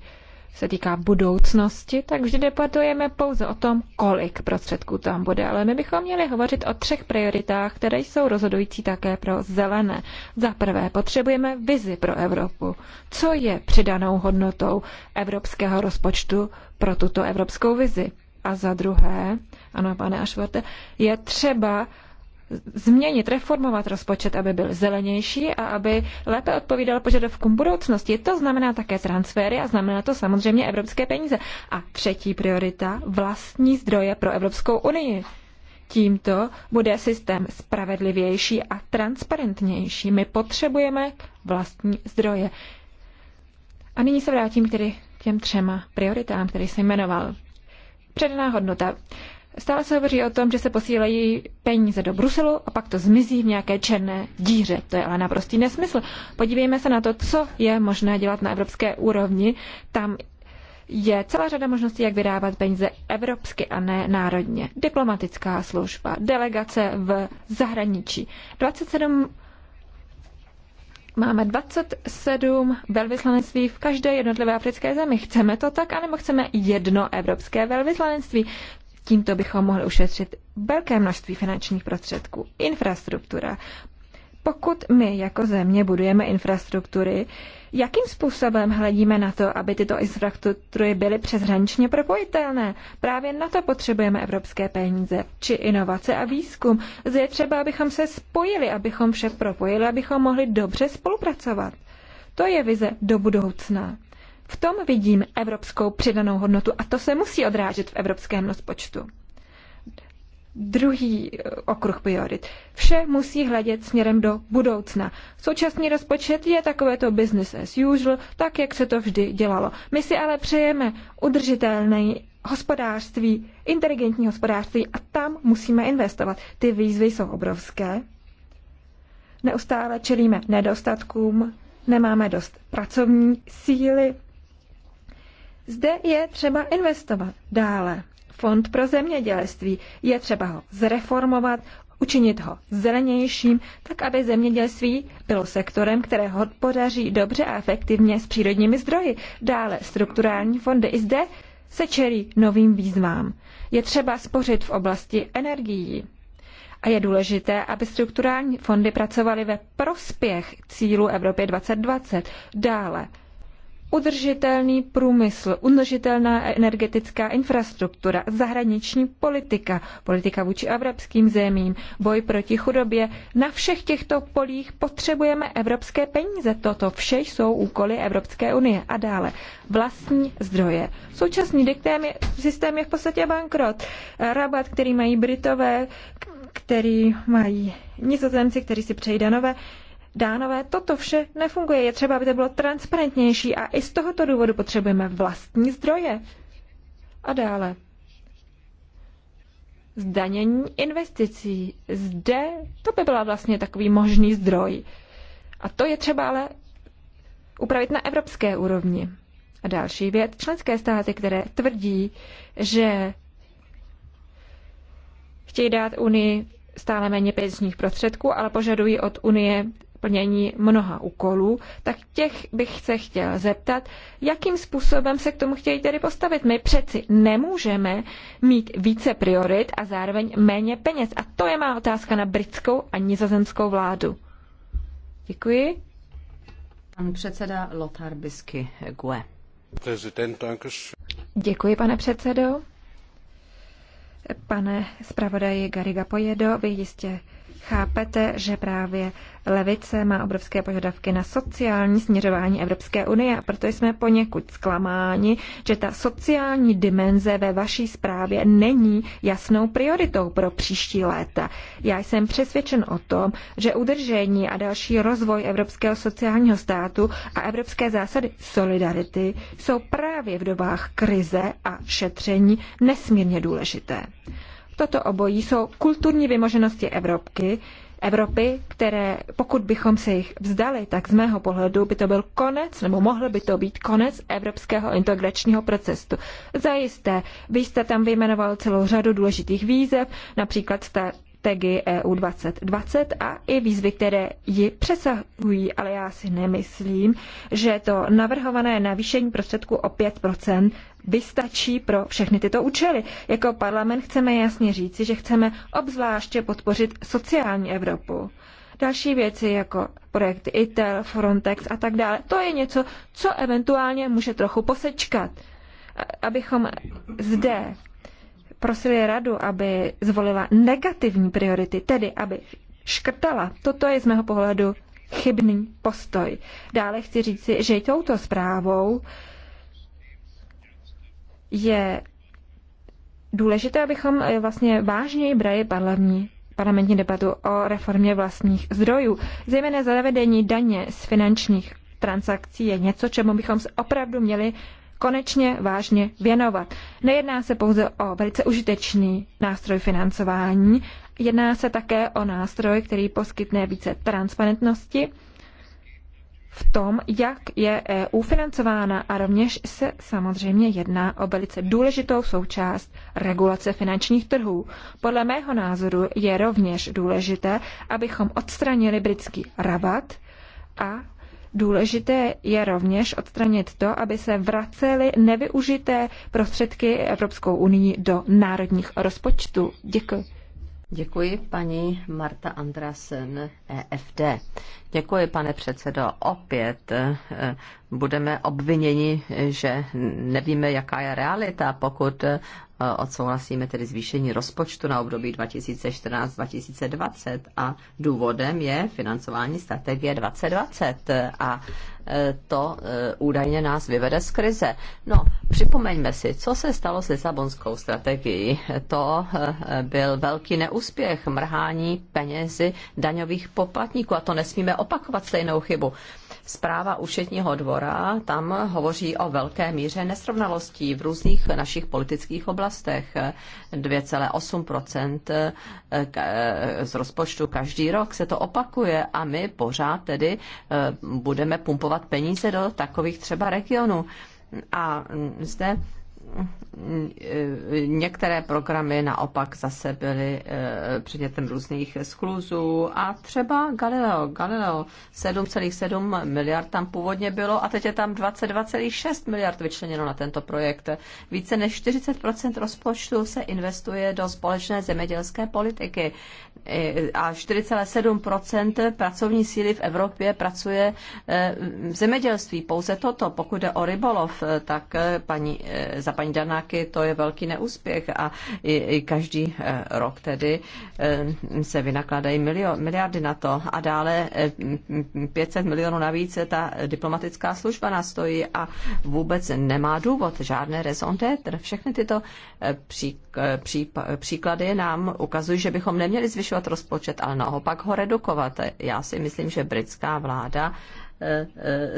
se týká budoucnosti, tak vždy debatujeme pouze o tom, kolik prostředků tam bude. Ale my bychom měli hovořit o třech prioritách, které jsou rozhodující také pro zelené. Za prvé, potřebujeme vizi pro Evropu. Co je přidanou hodnotou evropského rozpočtu pro tuto evropskou vizi? A za druhé, ano, pane Ašvorte, je třeba změnit, reformovat rozpočet, aby byl zelenější a aby lépe odpovídal požadavkům budoucnosti. To znamená také transfery a znamená to samozřejmě evropské peníze. A třetí priorita vlastní zdroje pro Evropskou unii. Tímto bude systém spravedlivější a transparentnější. My potřebujeme vlastní zdroje. A nyní se vrátím k těm třema prioritám, které jsem jmenoval. Předaná hodnota. Stále se hovoří o tom, že se posílají peníze do Bruselu a pak to zmizí v nějaké černé díře. To je ale naprostý nesmysl. Podívejme se na to, co je možné dělat na evropské úrovni. Tam je celá řada možností, jak vydávat peníze evropsky a ne národně. Diplomatická služba, delegace v zahraničí. 27 Máme 27 velvyslanectví v každé jednotlivé africké zemi. Chceme to tak, anebo chceme jedno evropské velvyslanectví? Tímto bychom mohli ušetřit velké množství finančních prostředků. Infrastruktura. Pokud my jako země budujeme infrastruktury, jakým způsobem hledíme na to, aby tyto infrastruktury byly přeshraničně propojitelné? Právě na to potřebujeme evropské peníze, či inovace a výzkum. Zde je třeba, abychom se spojili, abychom vše propojili, abychom mohli dobře spolupracovat. To je vize do budoucna. V tom vidím evropskou přidanou hodnotu a to se musí odrážet v evropském rozpočtu. Druhý eh, okruh priorit. Vše musí hledět směrem do budoucna. Současný rozpočet je takovéto business as usual, tak jak se to vždy dělalo. My si ale přejeme udržitelný hospodářství, inteligentní hospodářství a tam musíme investovat. Ty výzvy jsou obrovské. Neustále čelíme nedostatkům, nemáme dost pracovní síly, zde je třeba investovat dále. Fond pro zemědělství je třeba ho zreformovat, učinit ho zelenějším, tak aby zemědělství bylo sektorem, které hospodaří dobře a efektivně s přírodními zdroji. Dále strukturální fondy i zde se čelí novým výzvám. Je třeba spořit v oblasti energií. A je důležité, aby strukturální fondy pracovaly ve prospěch cílu Evropy 2020. Dále udržitelný průmysl, udržitelná energetická infrastruktura, zahraniční politika, politika vůči evropským zemím, boj proti chudobě. Na všech těchto polích potřebujeme evropské peníze. Toto vše jsou úkoly Evropské unie. A dále vlastní zdroje. Současný diktém je, systém je v podstatě bankrot. Rabat, který mají Britové, který mají Nizozemci, který si přejde nové, Dánové, toto vše nefunguje. Je třeba, aby to bylo transparentnější a i z tohoto důvodu potřebujeme vlastní zdroje. A dále. Zdanění investicí. Zde to by byla vlastně takový možný zdroj. A to je třeba ale upravit na evropské úrovni. A další věc, členské státy, které tvrdí, že chtějí dát Unii stále méně peněžních prostředků, ale požadují od Unie plnění mnoha úkolů, tak těch bych se chtěl zeptat, jakým způsobem se k tomu chtějí tedy postavit. My přeci nemůžeme mít více priorit a zároveň méně peněz. A to je má otázka na britskou a nizozemskou vládu. Děkuji. Pan předseda Lothar Bisky Gue. Děkuji, pane předsedo. Pane zpravodaji Gariga Pojedo, vy jistě Chápete, že právě levice má obrovské požadavky na sociální směřování Evropské unie a proto jsme poněkud zklamáni, že ta sociální dimenze ve vaší zprávě není jasnou prioritou pro příští léta. Já jsem přesvědčen o tom, že udržení a další rozvoj Evropského sociálního státu a evropské zásady solidarity jsou právě v dobách krize a šetření nesmírně důležité. Toto obojí jsou kulturní vymoženosti Evropky, Evropy, které pokud bychom se jich vzdali, tak z mého pohledu by to byl konec, nebo mohl by to být konec evropského integračního procesu. Zajisté, vy jste tam vyjmenoval celou řadu důležitých výzev, například strategii EU 2020 a i výzvy, které ji přesahují, ale já si nemyslím, že to navrhované navýšení prostředku o 5% vystačí pro všechny tyto účely. Jako parlament chceme jasně říci, že chceme obzvláště podpořit sociální Evropu. Další věci jako projekt ITEL, Frontex a tak dále, to je něco, co eventuálně může trochu posečkat abychom zde prosili radu, aby zvolila negativní priority, tedy aby škrtala. Toto je z mého pohledu chybný postoj. Dále chci říci, že touto zprávou je důležité, abychom eh, vlastně vážněji brali parlamentní, parlamentní debatu o reformě vlastních zdrojů. Zejména zavedení daně z finančních transakcí je něco, čemu bychom se opravdu měli konečně vážně věnovat. Nejedná se pouze o velice užitečný nástroj financování, jedná se také o nástroj, který poskytne více transparentnosti v tom, jak je EU financována a rovněž se samozřejmě jedná o velice důležitou součást regulace finančních trhů. Podle mého názoru je rovněž důležité, abychom odstranili britský rabat a Důležité je rovněž odstranit to, aby se vracely nevyužité prostředky Evropskou unii do národních rozpočtů. Děkuji. Děkuji paní Marta Andrasen, EFD. Děkuji, pane předsedo. Opět eh, budeme obviněni, že nevíme, jaká je realita, pokud eh, Eh, odsouhlasíme tedy zvýšení rozpočtu na období 2014-2020 a důvodem je financování strategie 2020 a eh, to eh, údajně nás vyvede z krize. No, připomeňme si, co se stalo s Lisabonskou strategií. To byl velký neúspěch, mrhání penězi daňových poplatníků a to nesmíme opakovat stejnou chybu. Zpráva Ušetního dvora tam hovoří o velké míře nesrovnalostí v různých našich politických oblastech. 2,8 eh, eh, z rozpočtu každý rok se to opakuje a my pořád tedy eh, budeme pumpovat peníze do takových třeba regionů. A zde některé programy naopak zase byly eh, předmětem různých skluzů a třeba Galileo, Galileo 7,7 miliard tam původně bylo a teď je tam 22,6 miliard vyčleněno na tento projekt. Více než 40% rozpočtu se investuje do společné zemědělské politiky eh, a 4,7% pracovní síly v Evropě pracuje eh, v zemědělství. Pouze toto, pokud jde o rybolov, tak paní, za paní Dana taky to je velký neúspěch a i, i každý eh, rok tedy eh, se vynakládají milio, miliardy na to a dále 500 eh, milionů navíc ta diplomatická služba nastojí a vůbec nemá důvod, žádné raison d'être. Všechny tyto pří, pří, příklady nám ukazují, že bychom neměli zvyšovat rozpočet, ale naopak ho redukovat. Já si myslím, že britská vláda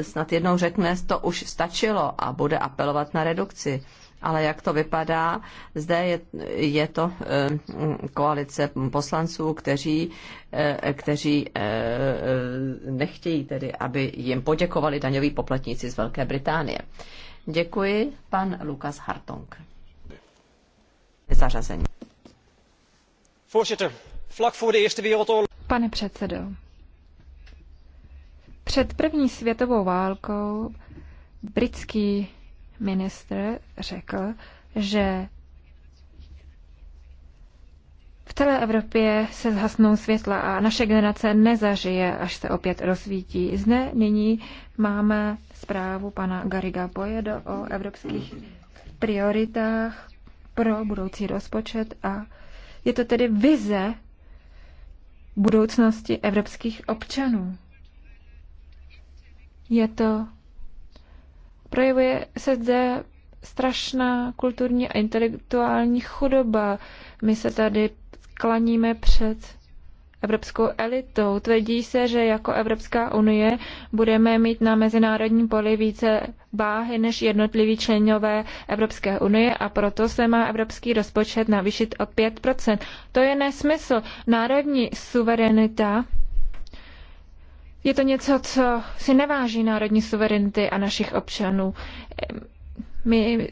snad jednou řekne, to už stačilo a bude apelovat na redukci ale jak to vypadá, zde je, je to eh, koalice poslanců, kteří, eh, kteří eh, nechtějí tedy, aby jim poděkovali daňoví poplatníci z Velké Británie. Děkuji, pan Lukas Hartong. Zařazení. Pane předsedo, před první světovou válkou britský ministr řekl, že v celé Evropě se zhasnou světla a naše generace nezažije, až se opět rozsvítí. Zde nyní máme zprávu pana Gariga Pojedo o evropských prioritách pro budoucí rozpočet a je to tedy vize budoucnosti evropských občanů. Je to Projevuje se zde strašná kulturní a intelektuální chudoba. My se tady klaníme před evropskou elitou. Tvrdí se, že jako Evropská unie budeme mít na mezinárodním poli více váhy než jednotliví členové Evropské unie a proto se má evropský rozpočet navýšit o 5%. To je nesmysl. Národní suverenita je to něco, co si neváží národní suverenity a našich občanů. My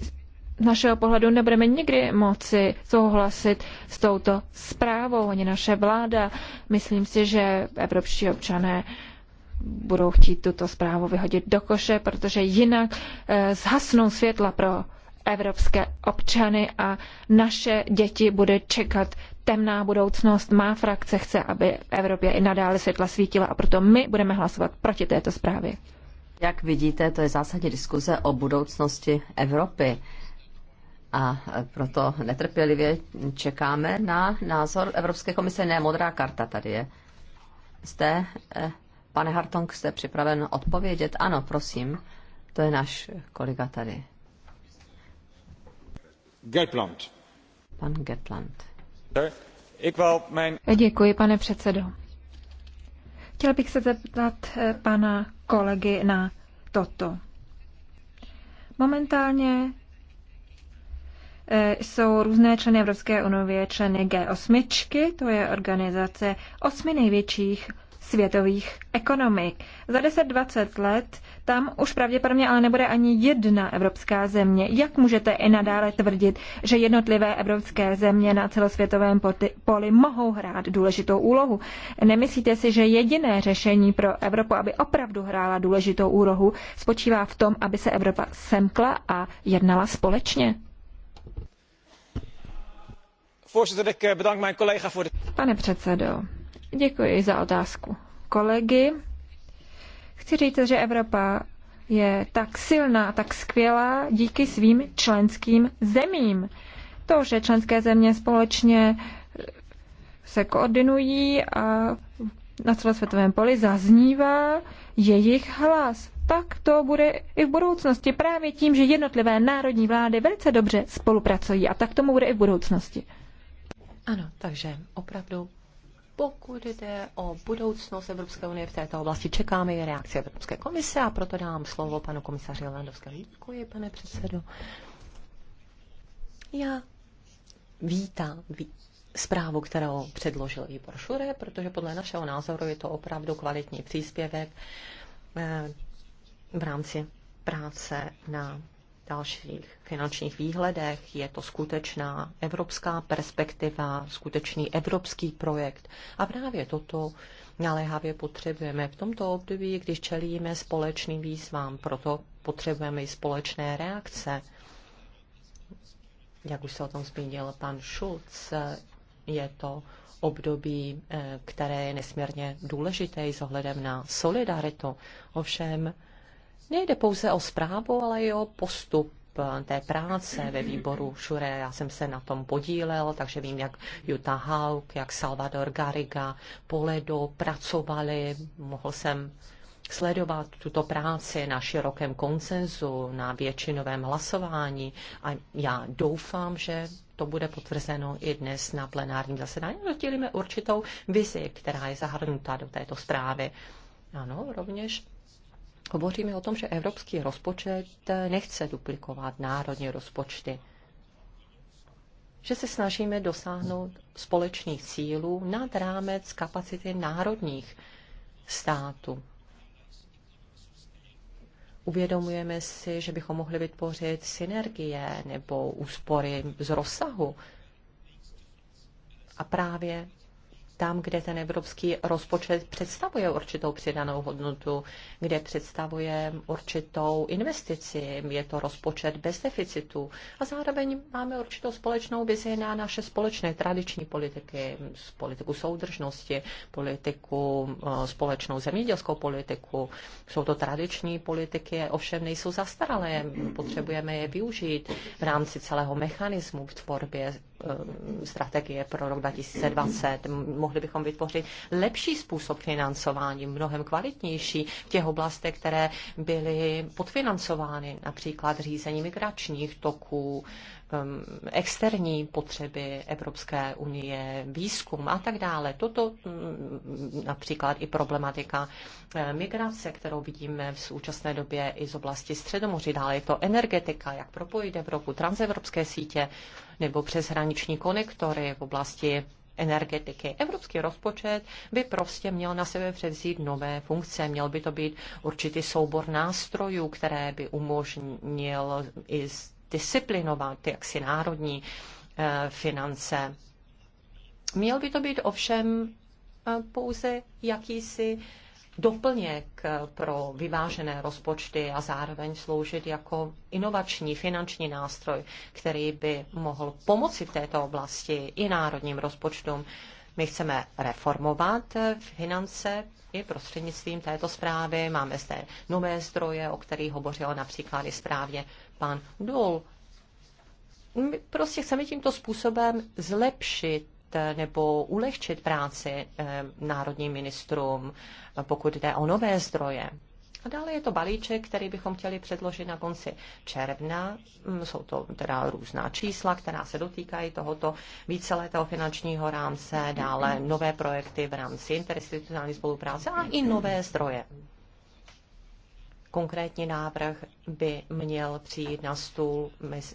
z našeho pohledu nebudeme nikdy moci souhlasit s touto zprávou, ani naše vláda. Myslím si, že evropští občané budou chtít tuto zprávu vyhodit do koše, protože jinak eh, zhasnou světla pro evropské občany a naše děti bude čekat temná budoucnost. Má frakce chce, aby Evropě i nadále světla svítila a proto my budeme hlasovat proti této zprávě. Jak vidíte, to je zásadní diskuze o budoucnosti Evropy. A proto netrpělivě čekáme na názor Evropské komise. Ne, modrá karta tady je. Jste, eh, pane Hartong, jste připraven odpovědět? Ano, prosím. To je náš kolega tady. Geplant. Pan Geplant. Děkuji, pane předsedo. Chtěl bych se zeptat eh, pana kolegy na toto. Momentálně eh, jsou různé členy Evropské unie, členy G8, to je organizace osmi největších světových ekonomik. Za 10-20 let tam už pravděpodobně ale nebude ani jedna evropská země. Jak můžete i nadále tvrdit, že jednotlivé evropské země na celosvětovém poli mohou hrát důležitou úlohu? Nemyslíte si, že jediné řešení pro Evropu, aby opravdu hrála důležitou úlohu, spočívá v tom, aby se Evropa semkla a jednala společně? Eh, Pane předsedo, Děkuji za otázku kolegy. Chci říct, že Evropa je tak silná, tak skvělá díky svým členským zemím. To, že členské země společně se koordinují a na celosvětovém poli zaznívá jejich hlas. Tak to bude i v budoucnosti právě tím, že jednotlivé národní vlády velice dobře spolupracují a tak tomu bude i v budoucnosti. Ano, takže opravdu pokud jde o budoucnost Evropské unie v této oblasti, čekáme i reakci Evropské komise a proto dám slovo panu komisaři Landovskému. Děkuji, pane předsedo. Já vítám zprávu, kterou předložil výbor Šure, protože podle našeho názoru je to opravdu kvalitní příspěvek eh, v rámci práce na dalších finančních výhledech, je to skutečná evropská perspektiva, skutečný evropský projekt. A právě toto naléhavě potřebujeme v tomto období, když čelíme společným výzvám. Proto potřebujeme i společné reakce. Jak už se o tom zmínil pan Schulz, je to období, eh, které je nesmírně důležité i s ohledem na solidaritu. Ovšem, nejde pouze o zprávu, ale i o postup eh, té práce ve výboru Šure. Já jsem se na tom podílel, takže vím, jak Jutta Hauk, jak Salvador Garriga, Poledo pracovali. Mohl jsem sledovat tuto práci na širokém koncenzu, na většinovém hlasování a já doufám, že to bude potvrzeno i dnes na plenárním zasedání. Rozdělíme určitou vizi, která je zahrnuta do této zprávy. Ano, rovněž Hovoříme o tom, že evropský rozpočet nechce duplikovat národní rozpočty. Že se snažíme dosáhnout společných cílů nad rámec kapacity národních států. Uvědomujeme si, že bychom mohli vytvořit synergie nebo úspory z rozsahu. A právě tam, kde ten evropský rozpočet představuje určitou přidanou hodnotu, kde představuje určitou investici. Je to rozpočet bez deficitu. A zároveň máme určitou společnou vizi na naše společné tradiční politiky, politiku soudržnosti, politiku, eh, společnou zemědělskou politiku. Jsou to tradiční politiky, ovšem nejsou zastaralé. Potřebujeme je využít v rámci celého mechanismu v tvorbě Eh, strategie pro rok 2020. Mohli bychom vytvořit lepší způsob financování, mnohem kvalitnější v těch oblastech, které byly podfinancovány, například řízení migračních toků, Um, externí potřeby Evropské unie, výzkum a tak dále. Toto mm, například i problematika eh, migrace, kterou vidíme v současné době i z oblasti Středomoří. Dále je to energetika, jak propojit Evropu, transevropské sítě nebo přeshraniční konektory v oblasti energetiky. Evropský rozpočet by prostě měl na sebe převzít nové funkce. Měl by to být určitý soubor nástrojů, které by umožnil i z disciplinovat jaksi národní eh, finance. Měl by to být ovšem eh, pouze jakýsi doplněk eh, pro vyvážené rozpočty a zároveň sloužit jako inovační finanční nástroj, který by mohl pomoci v této oblasti i národním rozpočtům. My chceme reformovat finance i prostřednictvím této zprávy. Máme zde nové zdroje, o kterých hovořil například i správně pan Dul. My prostě chceme tímto způsobem zlepšit eh, nebo ulehčit práci eh, národním ministrům, pokud jde o nové zdroje. A dále je to balíček, který bychom chtěli předložit na konci června. Mm, jsou to teda různá čísla, která se dotýkají tohoto víceletého finančního rámce, dále nové projekty v rámci interinstitucionální spolupráce a i nové zdroje. Konkrétní návrh by měl přijít na stůl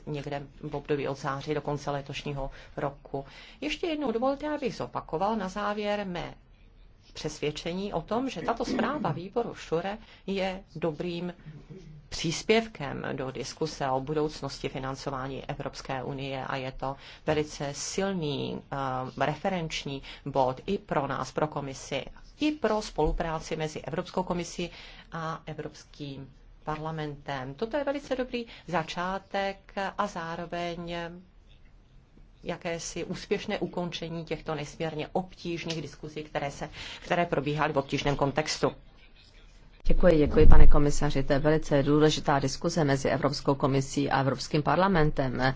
někde v období od září do konce letošního roku. Ještě jednou dovolte, abych zopakoval na závěr mé přesvědčení o tom, že tato zpráva výboru Šure je dobrým příspěvkem do diskuse o budoucnosti financování Evropské unie a je to velice silný uh, referenční bod i pro nás, pro komisi, i pro spolupráci mezi Evropskou komisí a Evropským parlamentem. Toto je velice dobrý začátek a zároveň jakési úspěšné ukončení těchto nesmírně obtížných diskuzí, které, se, které probíhaly v obtížném kontextu. Děkuji, děkuji, pane komisaři. To je velice důležitá diskuze mezi Evropskou komisí a Evropským parlamentem. Eh,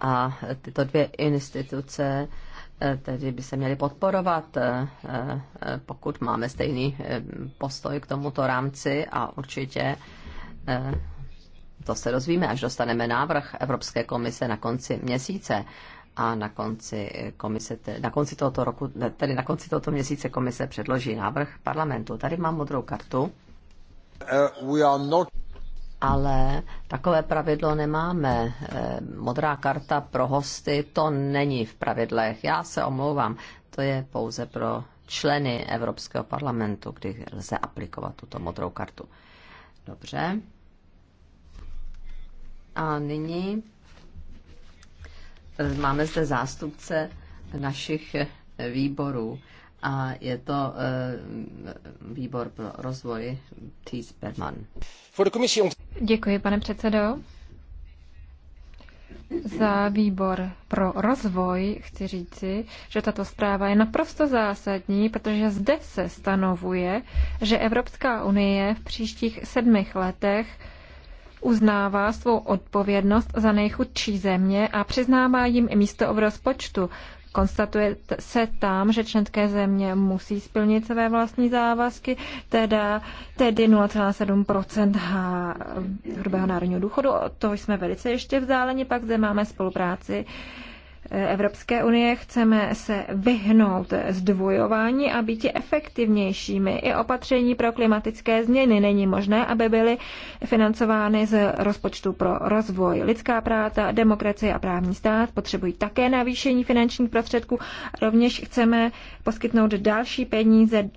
a tyto dvě instituce eh, tedy by se měly podporovat, eh, pokud máme stejný postoj k tomuto rámci a určitě to se dozvíme, až dostaneme návrh Evropské komise na konci měsíce a na konci, komise, na konci tohoto roku, tedy na konci tohoto měsíce komise předloží návrh parlamentu. Tady mám modrou kartu. Uh, we are not... Ale takové pravidlo nemáme. Eh, modrá karta pro hosty, to není v pravidlech. Já se omlouvám, to je pouze pro členy Evropského parlamentu, kdy lze aplikovat tuto modrou kartu. Dobře. A nyní e, máme zde zástupce našich e, výborů a je to e, výbor pro rozvoj Thies Berman. Děkuji, pane předsedo. Za výbor pro rozvoj chci říci, že tato zpráva je naprosto zásadní, protože zde se stanovuje, že Evropská unie v příštích sedmi letech uznává svou odpovědnost za nejchudší země a přiznává jim i místo v rozpočtu. Konstatuje se tam, že členské země musí splnit své vlastní závazky, teda, tedy 0,7 hrubého národního důchodu. To jsme velice ještě vzdáleni, pak zde máme spolupráci Evropské unie chceme se vyhnout zdvojování a být efektivnějšími. I opatření pro klimatické změny není možné, aby byly financovány z rozpočtu pro rozvoj. Lidská práta, demokracie a právní stát potřebují také navýšení finančních prostředků. Rovněž chceme poskytnout další peníze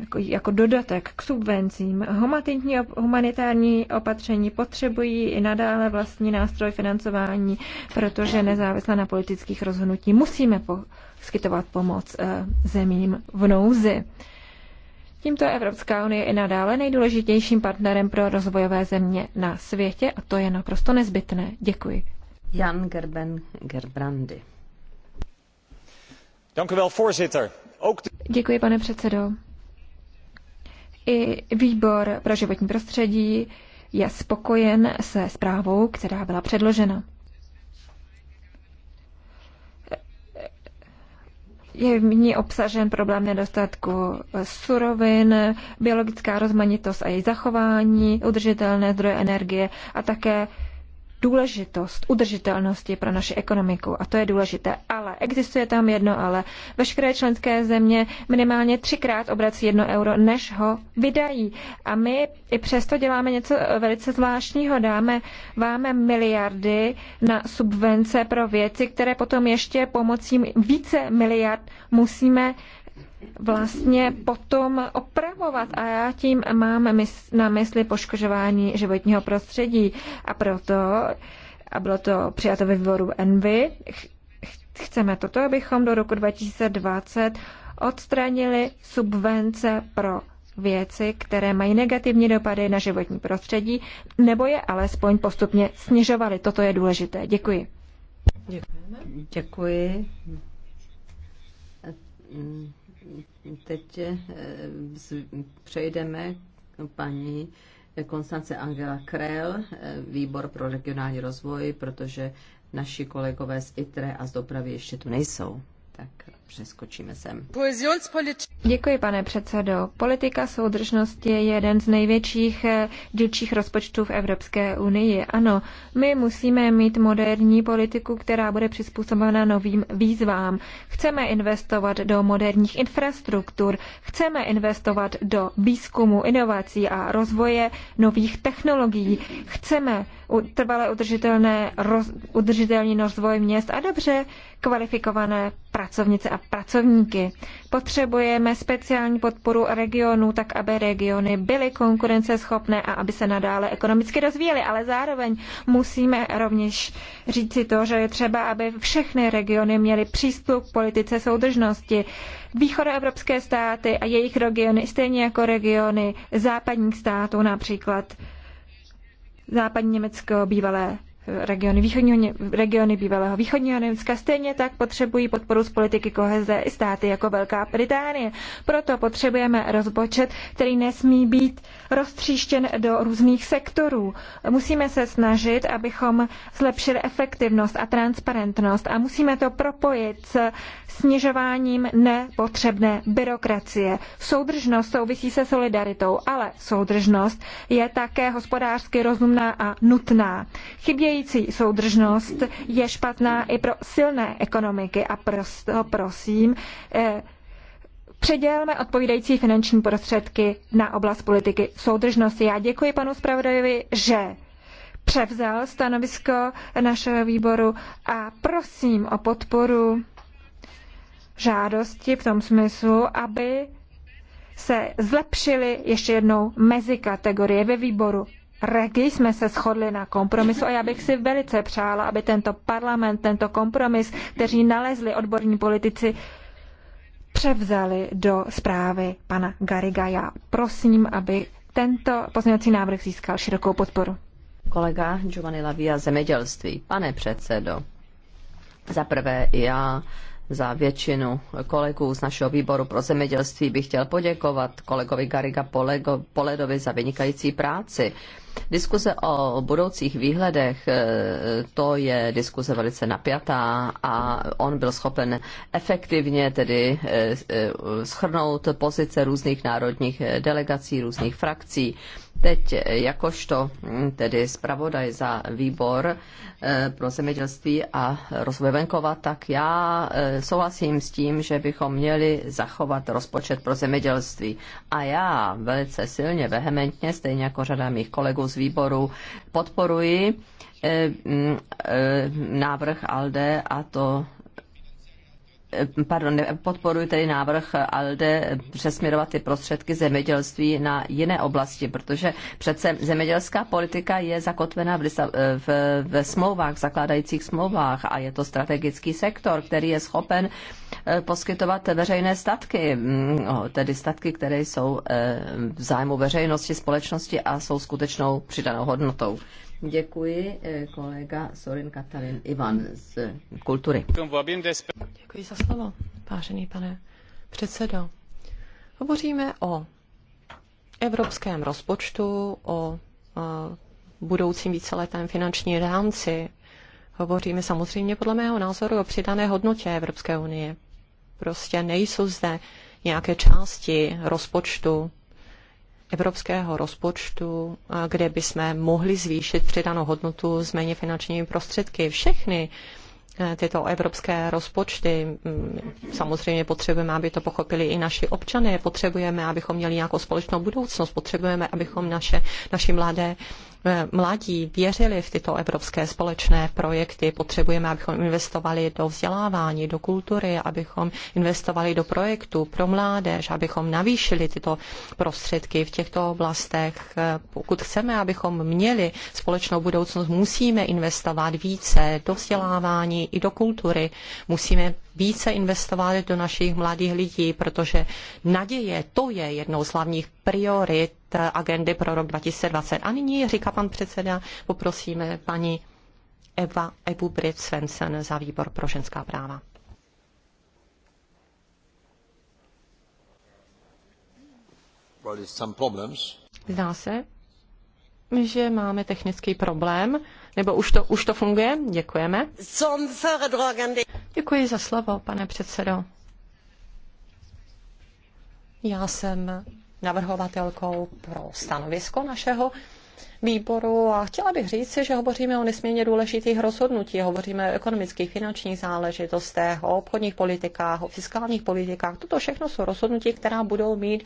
jako, jako dodatek k subvencím. Humanitní, humanitární opatření potřebují i nadále vlastní nástroj financování, protože nezávisle na politických rozhodnutí musíme poskytovat pomoc eh, zemím v nouzi. Tímto je Evropská unie i nadále nejdůležitějším partnerem pro rozvojové země na světě a to je naprosto nezbytné. Děkuji. Jan Gerben Gerbrandy. Děkuji, pane předsedo. I výbor pro životní prostředí je spokojen se zprávou, která byla předložena. je v ní obsažen problém nedostatku surovin, biologická rozmanitost a její zachování, udržitelné zdroje energie a také důležitost udržitelnosti pro naši ekonomiku a to je důležité. Ale existuje tam jedno ale. Veškeré členské země minimálně třikrát obrací jedno euro, než ho vydají. A my i přesto děláme něco velice zvláštního. Dáme vám miliardy na subvence pro věci, které potom ještě pomocí více miliard musíme vlastně potom opravovat a já tím mám na mysli poškozování životního prostředí a proto, a bylo to přijato ve výboru Envy, chceme toto, abychom do roku 2020 odstranili subvence pro věci, které mají negativní dopady na životní prostředí, nebo je alespoň postupně snižovali. Toto je důležité. Děkuji. Děkujeme. Děkuji teď eh, přejdeme k paní Konstance Angela Krell, eh, výbor pro regionální rozvoj, protože naši kolegové z ITRE a z dopravy ještě tu nejsou tak přeskočíme sem. Děkuji, pane předsedo. Politika soudržnosti je jeden z největších eh, dílčích rozpočtů v Evropské unii. Ano, my musíme mít moderní politiku, která bude přizpůsobena novým výzvám. Chceme investovat do moderních infrastruktur, chceme investovat do výzkumu, inovací a rozvoje nových technologií, chceme trvale udržitelné, roz, udržitelný rozvoj měst a dobře, kvalifikované pracovnice a pracovníky. Potřebujeme speciální podporu regionů, tak aby regiony byly konkurenceschopné a aby se nadále ekonomicky rozvíjely, ale zároveň musíme rovněž říci to, že je třeba, aby všechny regiony měly přístup k politice soudržnosti. Východoevropské státy a jejich regiony, stejně jako regiony západních států, například západní Německo, bývalé regiony, východního, regiony bývalého východního Německa stejně tak potřebují podporu z politiky koheze i státy jako Velká Británie. Proto potřebujeme rozpočet, který nesmí být roztříštěn do různých sektorů. Musíme se snažit, abychom zlepšili efektivnost a transparentnost a musíme to propojit s snižováním nepotřebné byrokracie. Soudržnost souvisí se solidaritou, ale soudržnost je také hospodářsky rozumná a nutná. Chybí Chybějící soudržnost je špatná i pro silné ekonomiky a proto prosím, eh, Předělme odpovídající finanční prostředky na oblast politiky soudržnosti. Já děkuji panu zpravodajovi, že převzal stanovisko našeho výboru a prosím o podporu žádosti v tom smyslu, aby se zlepšily ještě jednou mezikategorie ve výboru Regi jsme se shodli na kompromisu a já bych si velice přála, aby tento parlament, tento kompromis, kteří nalezli odborní politici, převzali do zprávy pana Gariga. Já prosím, aby tento pozměňovací návrh získal širokou podporu. Kolega Giovanni Lavia, zemědělství. Pane předsedo, za prvé já za většinu kolegů z našeho výboru pro zemědělství bych chtěl poděkovat kolegovi Gariga Polego, Poledovi za vynikající práci. Diskuze o budoucích výhledech, e, to je diskuze velice napjatá a on byl schopen efektivně tedy e, e, schrnout pozice různých národních delegací, různých frakcí Teď jakožto hm, tedy zpravodaj za výbor eh, pro zemědělství a rozvoj venkova, tak já eh, souhlasím s tím, že bychom měli zachovat rozpočet pro zemědělství. A já velice silně, vehementně, stejně jako řada mých kolegů z výboru, podporuji eh, hm, návrh ALDE a to pardon, podporuji tedy návrh ALDE přesměrovat ty prostředky zemědělství na jiné oblasti, protože přece zemědělská politika je zakotvená v, v, v smlouvách, v zakládajících smlouvách a je to strategický sektor, který je schopen eh, poskytovat veřejné statky, mm, tedy statky, které jsou eh, v zájmu veřejnosti, společnosti a jsou skutečnou přidanou hodnotou. Děkuji eh, kolega Sorin Katalin Ivan z Kultury. Děkuji za slovo, vážený pane předsedo. Hovoříme o evropském rozpočtu, o eh, budoucím víceletém finanční rámci. Hovoříme samozřejmě podle mého názoru o přidané hodnotě Evropské unie. Prostě nejsou zde nějaké části rozpočtu, evropského rozpočtu, kde bychom mohli zvýšit přidanou hodnotu s méně finančními prostředky. Všechny e, tyto evropské rozpočty. Samozřejmě potřebujeme, aby to pochopili i naši občané, potřebujeme, abychom měli nějakou společnou budoucnost, potřebujeme, abychom naše, naši mladé Eh, mladí věřili v tyto evropské společné projekty. Potřebujeme, abychom investovali do vzdělávání, do kultury, abychom investovali do projektu pro mládež, abychom navýšili tyto prostředky v těchto oblastech. Eh, pokud chceme, abychom měli společnou budoucnost, musíme investovat více do vzdělávání i do kultury. Musíme více investovat do našich mladých lidí, protože naděje, to je jednou z hlavních priorit agendy pro rok 2020. A nyní, říká pan předseda, poprosíme paní Eva, Ebu Brit Svensson za výbor pro ženská práva. Zdá se, že máme technický problém. Nebo už to, už to funguje? Děkujeme. Děkuji za slovo, pane předsedo. Já jsem navrhovatelkou pro stanovisko našeho výboru a chtěla bych říct, že hovoříme o nesmírně důležitých rozhodnutí. Hovoříme o ekonomických, finančních záležitostech, o obchodních politikách, o fiskálních politikách. Toto všechno jsou rozhodnutí, která budou mít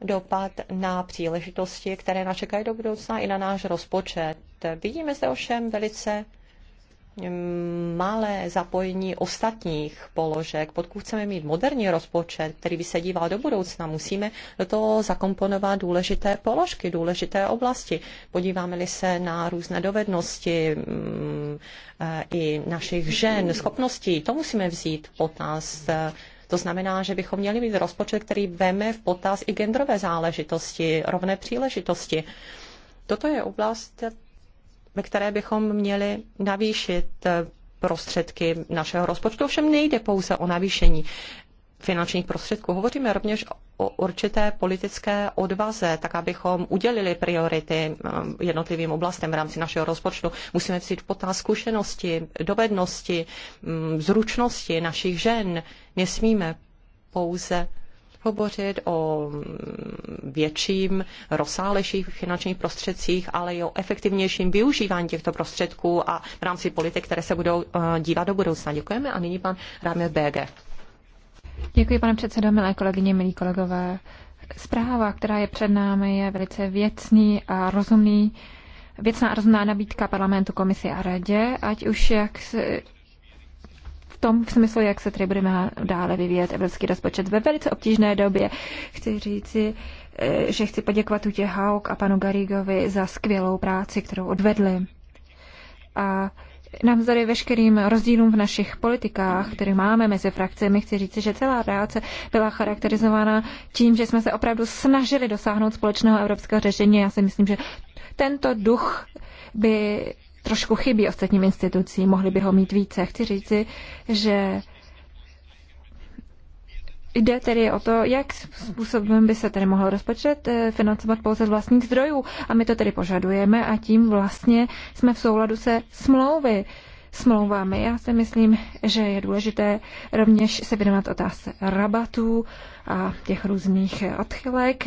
dopad na příležitosti, které nás čekají do budoucna i na náš rozpočet. Vidíme zde ovšem velice mm, malé zapojení ostatních položek. Pokud chceme mít moderní rozpočet, který by se díval do budoucna, musíme do toho zakomponovat důležité položky, důležité oblasti. Podíváme-li se na různé dovednosti mm, e, i našich žen, schopností, to musíme vzít potaz. To znamená, že bychom měli mít rozpočet, který veme v potaz i genderové záležitosti, rovné příležitosti. Toto je oblast, ve které bychom měli navýšit eh, prostředky našeho rozpočtu. Ovšem nejde pouze o navýšení finančních prostředků. Hovoříme rovněž o určité politické odvaze, tak abychom udělili priority eh, jednotlivým oblastem v rámci našeho rozpočtu. Musíme vzít potaz zkušenosti, dovednosti, mm, zručnosti našich žen. Nesmíme pouze hovořit o větším, rozsálejších finančních prostředcích, ale i o efektivnějším využívání těchto prostředků a v rámci politik, které se budou eh, dívat do budoucna. Děkujeme a nyní pan Rámě BG. Děkuji, pane předsedo, milé kolegyně, milí kolegové. Zpráva, která je před námi, je velice věcný a rozumný věcná a rozumná nabídka parlamentu, komisi a radě, ať už jak v tom v smyslu, jak se tedy budeme dále vyvíjet evropský rozpočet ve velice obtížné době. Chci říci, eh, že chci poděkovat Utě Hauk a panu Garigovi za skvělou práci, kterou odvedli. A Navzdory veškerým rozdílům v našich politikách, které máme mezi frakcemi, chci říct, že celá práce byla charakterizována tím, že jsme se opravdu snažili dosáhnout společného evropského řešení. Já si myslím, že tento duch by trošku chybí ostatním institucím, mohli by ho mít více. Chci říci, že Jde tedy o to, jak způsobem by se tedy mohl rozpočet eh, financovat pouze z vlastních zdrojů. A my to tedy požadujeme a tím vlastně jsme v souladu se smlouvy smlouvami. Já si myslím, že je důležité rovněž se věnovat otázce rabatů a těch různých odchylek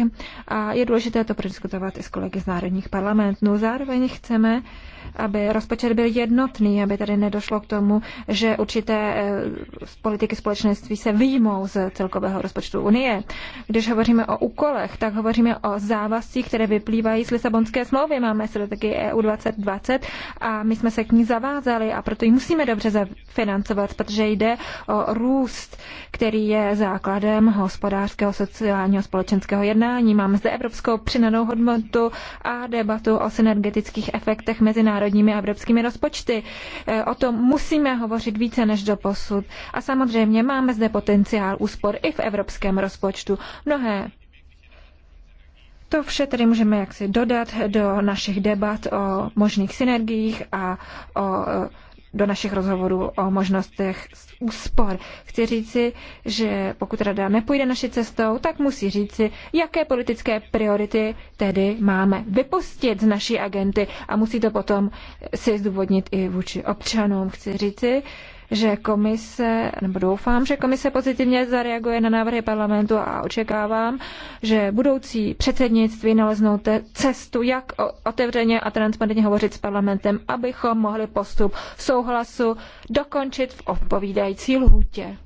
a je důležité to prodiskutovat i s kolegy z národních parlamentů. Zároveň chceme aby rozpočet byl jednotný, aby tady nedošlo k tomu, že určité eh, politiky společenství se výjmou z celkového rozpočtu Unie. Když hovoříme o úkolech, tak hovoříme o závazcích, které vyplývají z Lisabonské smlouvy. Máme strategii EU 2020 a my jsme se k ní zavázali a proto ji musíme dobře zafinancovat, protože jde o růst, který je základem hospodářského, sociálního, společenského jednání. Máme zde evropskou přinanou hodnotu a debatu o synergetických efektech mezinárodní národními a evropskými rozpočty. E, o tom musíme hovořit více než do posud. A samozřejmě máme zde potenciál úspor i v evropském rozpočtu. Mnohé to vše tedy můžeme jaksi dodat do našich debat o možných synergiích a o e, do našich rozhovorů o možnostech úspor. Chci říci, že pokud rada nepůjde naši cestou, tak musí říci, jaké politické priority tedy máme vypustit z naší agenty a musí to potom si zdůvodnit i vůči občanům. Chci říci, že komise, nebo doufám, že komise pozitivně zareaguje na návrhy parlamentu a očekávám, že budoucí předsednictví naleznou cestu, jak otevřeně a transparentně hovořit s parlamentem, abychom mohli postup souhlasu dokončit v odpovídající lhůtě.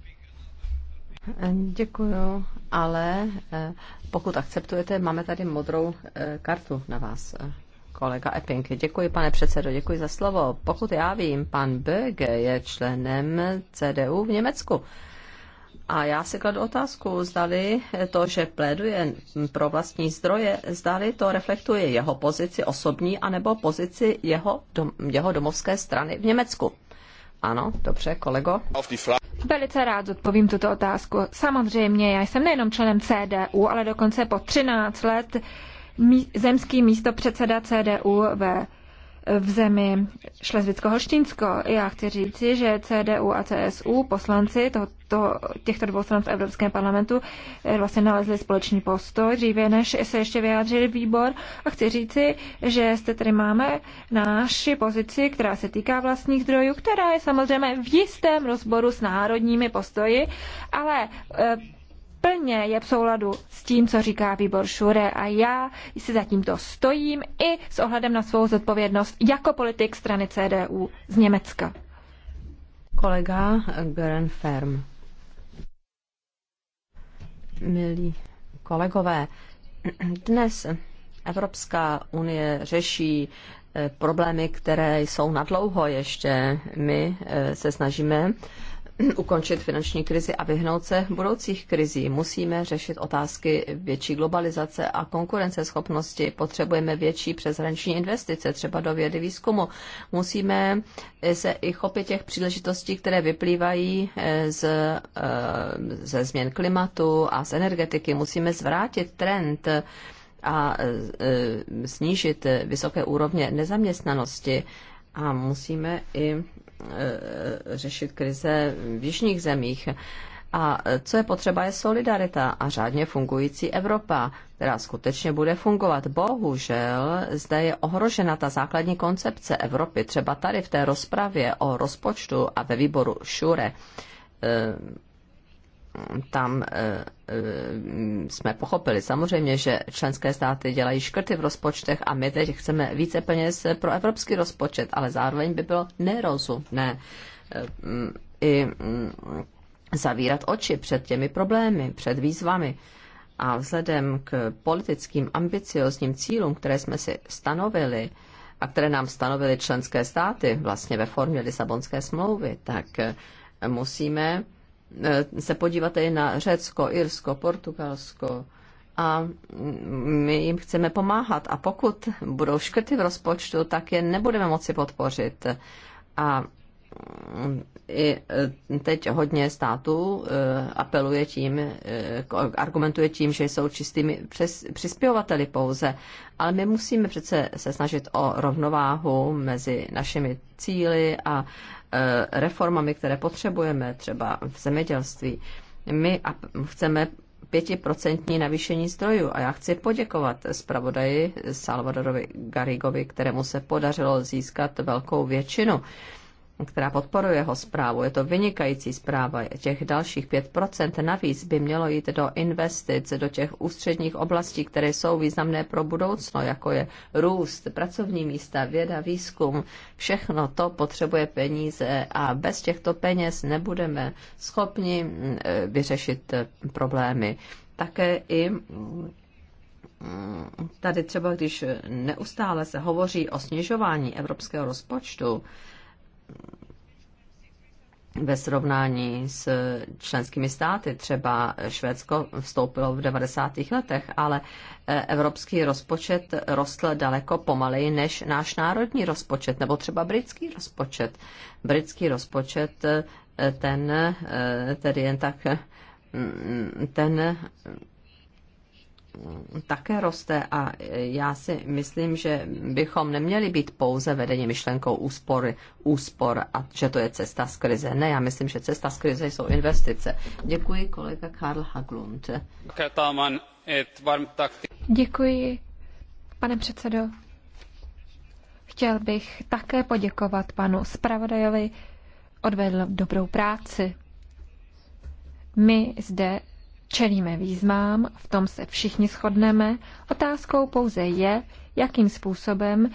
Děkuju, ale eh, pokud akceptujete, máme tady modrou eh, kartu na vás. Eh kolega Epping. Děkuji, pane předsedo, děkuji za slovo. Pokud já vím, pan Böge je členem CDU v Německu. A já si kladu otázku, zdali to, že pléduje pro vlastní zdroje, zdali to reflektuje jeho pozici osobní anebo pozici jeho, dom, jeho domovské strany v Německu. Ano, dobře, kolego. Velice rád odpovím tuto otázku. Samozřejmě, já jsem nejenom členem CDU, ale dokonce po 13 let mí, zemský místopředseda CDU ve v zemi Šlezvicko-Holštínsko. Já chci říci, že CDU a CSU, poslanci to, to, těchto dvou stran v Evropském parlamentu, eh, vlastně nalezli společný postoj dříve, než se ještě vyjádřili výbor. A chci říci, že zde tady máme naši pozici, která se týká vlastních zdrojů, která je samozřejmě v jistém rozboru s národními postoji, ale eh, plně je v souladu s tím, co říká výbor Šure a já si za tímto stojím i s ohledem na svou zodpovědnost jako politik strany CDU z Německa. Kolega Göran Ferm. Milí kolegové, dnes Evropská unie řeší eh, problémy, které jsou nadlouho ještě. My eh, se snažíme ukončit finanční krizi a vyhnout se budoucích krizí. Musíme řešit otázky větší globalizace a konkurenceschopnosti. Potřebujeme větší přeshraniční investice, třeba do vědy výzkumu. Musíme se i chopit těch příležitostí, které vyplývají eh, z, eh, ze změn klimatu a z energetiky. Musíme zvrátit trend a eh, snížit vysoké úrovně nezaměstnanosti a musíme i Eh, řešit krize v jižních zemích. A co je potřeba, je solidarita a řádně fungující Evropa, která skutečně bude fungovat. Bohužel zde je ohrožena ta základní koncepce Evropy, třeba tady v té rozpravě o rozpočtu a ve výboru Šure eh, tam eh, eh, jsme pochopili samozřejmě, že členské státy dělají škrty v rozpočtech a my teď chceme více peněz pro evropský rozpočet, ale zároveň by bylo nerozumné eh, i mm, zavírat oči před těmi problémy, před výzvami. A vzhledem k politickým ambiciozním cílům, které jsme si stanovili a které nám stanovily členské státy vlastně ve formě Lisabonské smlouvy, tak musíme Eh, se podívat i na Řecko, Irsko, Portugalsko a my jim chceme pomáhat. A pokud budou škrty v rozpočtu, tak je nebudeme moci podpořit. A mm, i eh, teď hodně států eh, apeluje tím, argumentuje tím, že jsou čistými přispěvateli pouze, ale my musíme přece se snažit o rovnováhu mezi našimi cíly a Eh, reformami, které potřebujeme, třeba v zemědělství. My chceme pětiprocentní navýšení zdrojů a já chci poděkovat zpravodaji Salvadorovi Garigovi, kterému se podařilo získat velkou většinu která podporuje jeho zprávu. Je to vynikající zpráva. Těch dalších 5% navíc by mělo jít do investic, do těch ústředních oblastí, které jsou významné pro budoucno, jako je růst, pracovní místa, věda, výzkum. Všechno to potřebuje peníze a bez těchto peněz nebudeme schopni mm, e, vyřešit e, problémy. Také i mm, tady třeba, když neustále se hovoří o snižování evropského rozpočtu, ve srovnání s členskými státy. Třeba Švédsko vstoupilo v 90. letech, ale eh, evropský rozpočet rostl daleko pomaleji než náš národní rozpočet, nebo třeba britský rozpočet. Britský rozpočet eh, ten eh, tedy jen tak mm, ten také roste a já si myslím, že bychom neměli být pouze vedeni myšlenkou úspory, úspor a že to je cesta z krize. Ne, já myslím, že cesta z krize jsou investice. Děkuji kolega Karl Haglund. Děkuji, pane předsedo. Chtěl bych také poděkovat panu zpravodajovi, odvedl dobrou práci. My zde Čelíme výzvám, v tom se všichni shodneme. Otázkou pouze je, jakým způsobem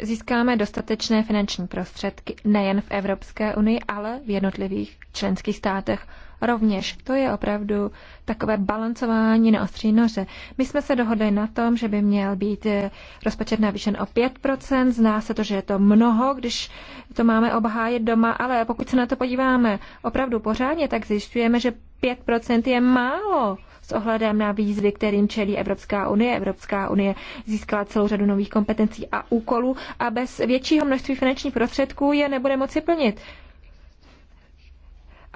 získáme dostatečné finanční prostředky nejen v Evropské unii, ale v jednotlivých členských státech rovněž. To je opravdu takové balancování na ostří noře. My jsme se dohodli na tom, že by měl být eh, rozpočet navýšen o 5%. Zná se to, že je to mnoho, když to máme obhájet doma, ale pokud se na to podíváme opravdu pořádně, tak zjišťujeme, že 5% je málo s ohledem na výzvy, kterým čelí Evropská unie. Evropská unie získala celou řadu nových kompetencí a úkolů a bez většího množství finančních prostředků je nebude moci plnit.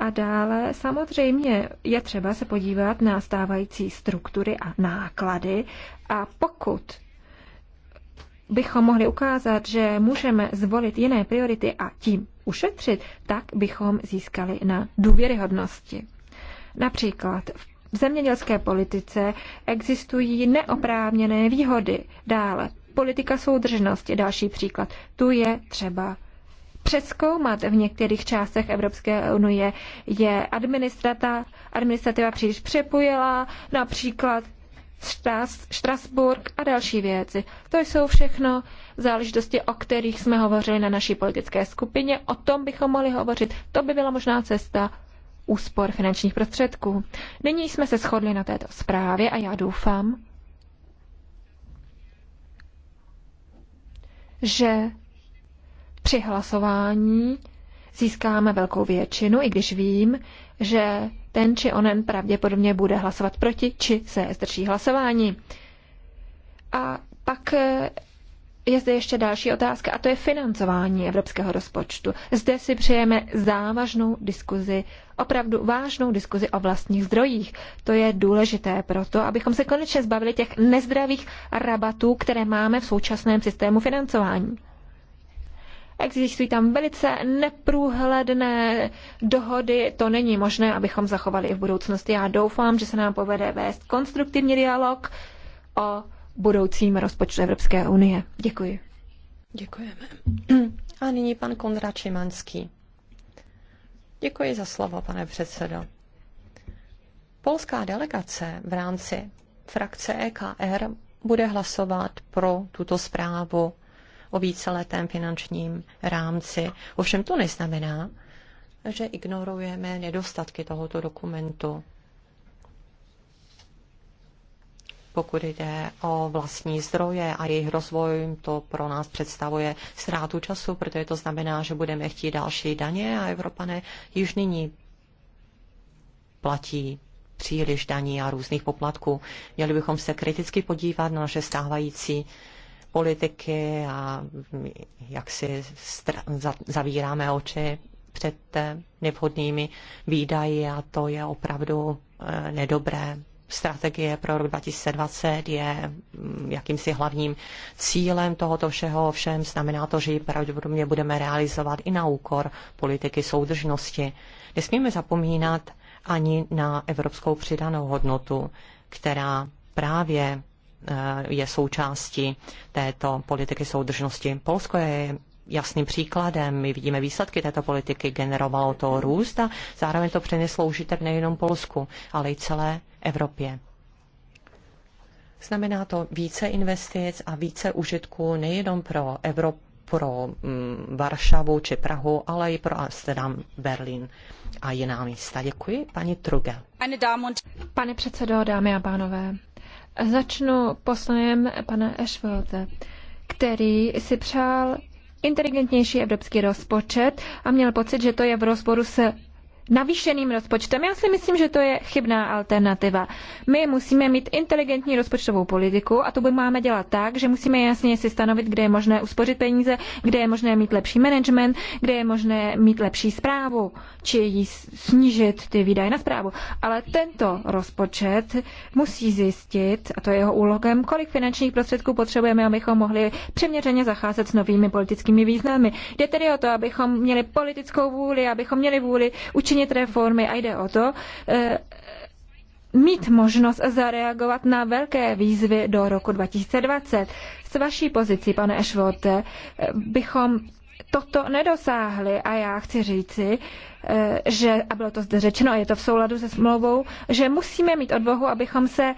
A dále samozřejmě je třeba se podívat na stávající struktury a náklady a pokud bychom mohli ukázat, že můžeme zvolit jiné priority a tím ušetřit, tak bychom získali na důvěryhodnosti. Například v zemědělské politice existují neoprávněné výhody. Dále politika soudržnosti, další příklad. Tu je třeba přeskoumat v některých částech Evropské unie. Je administrata, administrativa příliš přepojila, například Strasburg Štrasburg a další věci. To jsou všechno záležitosti, o kterých jsme hovořili na naší politické skupině. O tom bychom mohli hovořit. To by byla možná cesta úspor finančních prostředků. Nyní jsme se shodli na této zprávě a já doufám, že při hlasování získáme velkou většinu, i když vím, že ten či onen pravděpodobně bude hlasovat proti, či se zdrží hlasování. A pak eh, je zde ještě další otázka, a to je financování evropského rozpočtu. Zde si přejeme závažnou diskuzi, opravdu vážnou diskuzi o vlastních zdrojích. To je důležité proto, abychom se konečně zbavili těch nezdravých rabatů, které máme v současném systému financování. Existují tam velice neprůhledné dohody. To není možné, abychom zachovali i v budoucnosti. Já doufám, že se nám povede vést konstruktivní dialog o budoucím rozpočtu Evropské unie. Děkuji. Děkujeme. A nyní pan Kondra Čimanský. Děkuji za slovo, pane předsedo. Polská delegace v rámci frakce EKR bude hlasovat pro tuto zprávu o víceletém finančním rámci. Ovšem to neznamená, že ignorujeme nedostatky tohoto dokumentu. pokud jde o vlastní zdroje a jejich rozvoj, to pro nás představuje ztrátu času, protože to znamená, že budeme chtít další daně a Evropané již nyní platí příliš daní a různých poplatků. Měli bychom se kriticky podívat na naše stávající politiky a jak si zavíráme oči před eh, nevhodnými výdaji a to je opravdu eh, nedobré. Strategie pro rok 2020 je mm, jakýmsi hlavním cílem tohoto všeho, ovšem znamená to, že ji pravděpodobně budeme realizovat i na úkor politiky soudržnosti. Nesmíme zapomínat ani na evropskou přidanou hodnotu, která právě Eh, je součástí této politiky soudržnosti. Polsko je jasným příkladem. My vidíme výsledky této politiky, generovalo to růst a zároveň to přineslo užitek nejenom Polsku, ale i celé Evropě. Znamená to více investic a více užitku nejenom pro Evropu, pro mm, Varšavu či Prahu, ale i pro Amsterdam, Berlín a jiná místa. Děkuji, paní Truge. Pane předsedo, dámy a pánové, Začnu poslojem pana Ashworta, který si přál inteligentnější evropský rozpočet a měl pocit, že to je v rozporu se navýšeným rozpočtem. Já si myslím, že to je chybná alternativa. My musíme mít inteligentní rozpočtovou politiku a to by máme dělat tak, že musíme jasně si stanovit, kde je možné uspořit peníze, kde je možné mít lepší management, kde je možné mít lepší zprávu, či jí snížit ty výdaje na zprávu. Ale tento rozpočet musí zjistit, a to je jeho úlohem, kolik finančních prostředků potřebujeme, abychom mohli přeměřeně zacházet s novými politickými významy. Jde tedy o to, abychom měli politickou vůli, abychom měli vůli učinit činit reformy a jde o to, eh, mít možnost zareagovat na velké výzvy do roku 2020. S vaší pozicí, pane Ešvote, eh, bychom toto nedosáhli a já chci říci, eh, že, a bylo to zde řečeno, a je to v souladu se smlouvou, že musíme mít odvahu, abychom se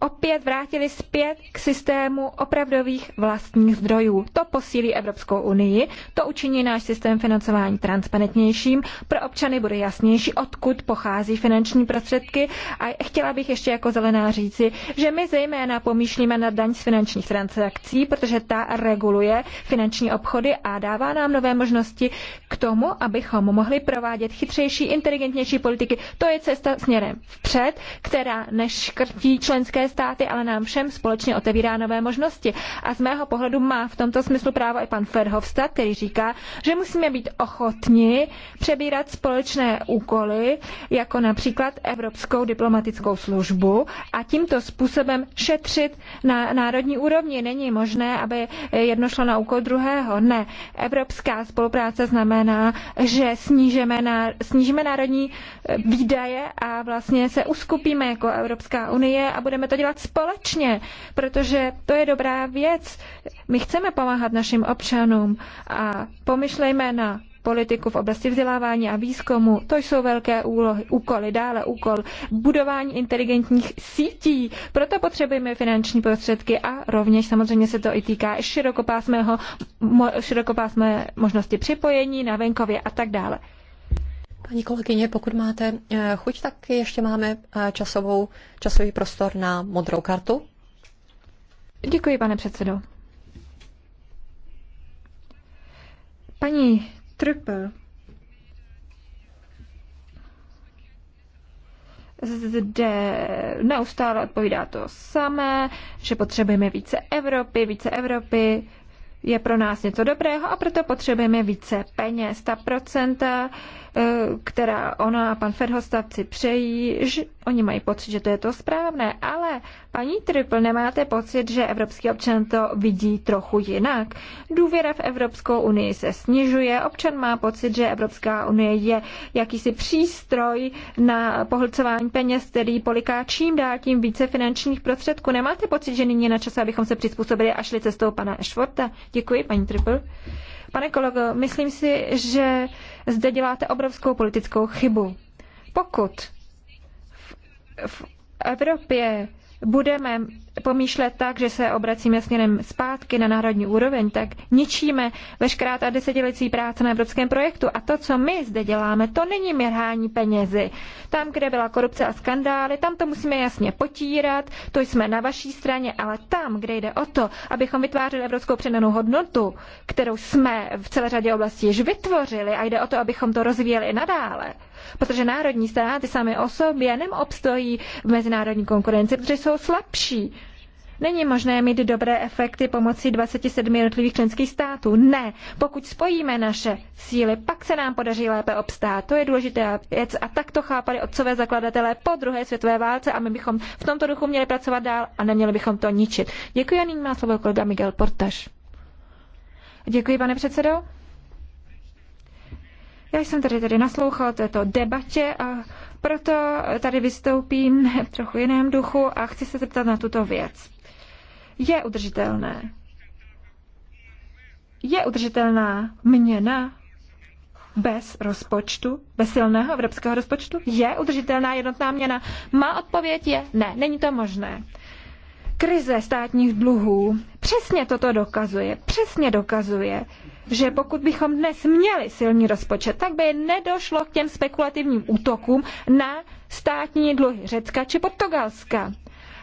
opět vrátili zpět k systému opravdových vlastních zdrojů. To posílí Evropskou unii, to učiní náš systém financování transparentnějším, pro občany bude jasnější, odkud pochází finanční prostředky a chtěla bych ještě jako zelená říci, že my zejména pomýšlíme na daň z finančních transakcí, protože ta reguluje finanční obchody a dává nám nové možnosti k tomu, abychom mohli provádět chytřejší, inteligentnější politiky. To je cesta směrem vpřed, která neškrtí členské státy, ale nám všem společně otevírá nové možnosti. A z mého pohledu má v tomto smyslu právo i pan Ferhofstadt, který říká, že musíme být ochotni přebírat společné úkoly, jako například Evropskou diplomatickou službu a tímto způsobem šetřit na národní úrovni. Není možné, aby jedno šlo na úkol druhého. Ne. Evropská spolupráce znamená, že snížeme, na, snížíme národní výdaje a vlastně se uskupíme jako Evropská unie a budeme to dělat společně, protože to je dobrá věc. My chceme pomáhat našim občanům a pomyšlejme na politiku v oblasti vzdělávání a výzkumu. To jsou velké úlohy, úkoly, dále úkol budování inteligentních sítí. Proto potřebujeme finanční prostředky a rovněž samozřejmě se to i týká širokopásmého, mo, širokopásmé možnosti připojení na venkově a tak dále. Paní kolegyně, pokud máte eh, chuť, tak ještě máme eh, časovou, časový prostor na modrou kartu. Děkuji, pane předsedo. Paní Trpl zde neustále odpovídá to samé, že potřebujeme více Evropy, více Evropy je pro nás něco dobrého a proto potřebujeme více peněz. Ta procenta E, která ona a pan Ferhostav si přejí, že oni mají pocit, že to je to správné, ale paní Triple, nemáte pocit, že evropský občan to vidí trochu jinak? Důvěra v Evropskou unii se snižuje, občan má pocit, že Evropská unie je jakýsi přístroj na pohlcování peněz, který poliká čím dál tím více finančních prostředků. Nemáte pocit, že nyní je na čase, abychom se přizpůsobili a šli cestou pana Švorta? Děkuji, paní Triple. Pane kolego, myslím si, že zde děláte obrovskou politickou chybu. Pokud v, v Evropě budeme pomýšlet tak, že se obracíme směrem zpátky na národní úroveň, tak ničíme veškerá ta desetiletí práce na evropském projektu. A to, co my zde děláme, to není mirhání penězi. Tam, kde byla korupce a skandály, tam to musíme jasně potírat, to jsme na vaší straně, ale tam, kde jde o to, abychom vytvářeli evropskou přidanou hodnotu, kterou jsme v celé řadě oblastí již vytvořili a jde o to, abychom to rozvíjeli i nadále, protože národní státy samé o sobě neobstojí v mezinárodní konkurenci, protože jsou slabší. Není možné mít dobré efekty pomocí 27 jednotlivých členských států. Ne. Pokud spojíme naše síly, pak se nám podaří lépe obstát. To je důležitá věc a tak to chápali otcové zakladatelé po druhé světové válce a my bychom v tomto duchu měli pracovat dál a neměli bychom to ničit. Děkuji a nyní má slovo kolega Miguel Portaž. Děkuji, pane předsedo. Já jsem tady tedy naslouchal této debatě a proto tady vystoupím v trochu jiném duchu a chci se zeptat na tuto věc. Je udržitelné? Je udržitelná měna bez rozpočtu, bez silného evropského rozpočtu? Je udržitelná jednotná měna? Má odpověď je ne, není to možné. Krize státních dluhů přesně toto dokazuje, přesně dokazuje, že pokud bychom dnes měli silný rozpočet, tak by nedošlo k těm spekulativním útokům na státní dluhy Řecka či Portugalska.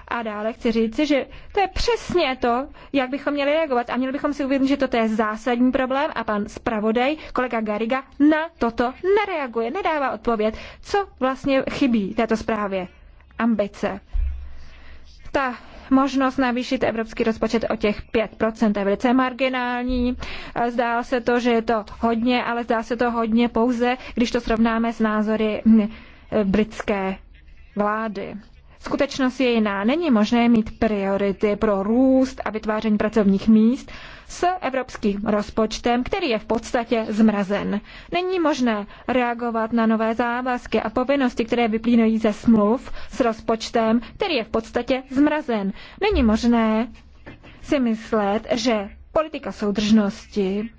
A dále chci říci, že to je přesně to, jak bychom měli reagovat. A měli bychom si uvědomit, že toto je zásadní problém a pan zpravodaj, kolega Gariga, na toto nereaguje, nedává odpověď. Co vlastně chybí této zprávě? Ambice. Ta možnost navýšit evropský rozpočet o těch 5%. To je velice marginální. Zdá se to, že je to hodně, ale zdá se to hodně pouze, když to srovnáme s názory hm, britské vlády. Skutečnost je jiná. Není možné mít priority pro růst a vytváření pracovních míst s evropským rozpočtem, který je v podstatě zmrazen. Není možné reagovat na nové závazky a povinnosti, které vyplývají ze smluv s rozpočtem, který je v podstatě zmrazen. Není možné si myslet, že politika soudržnosti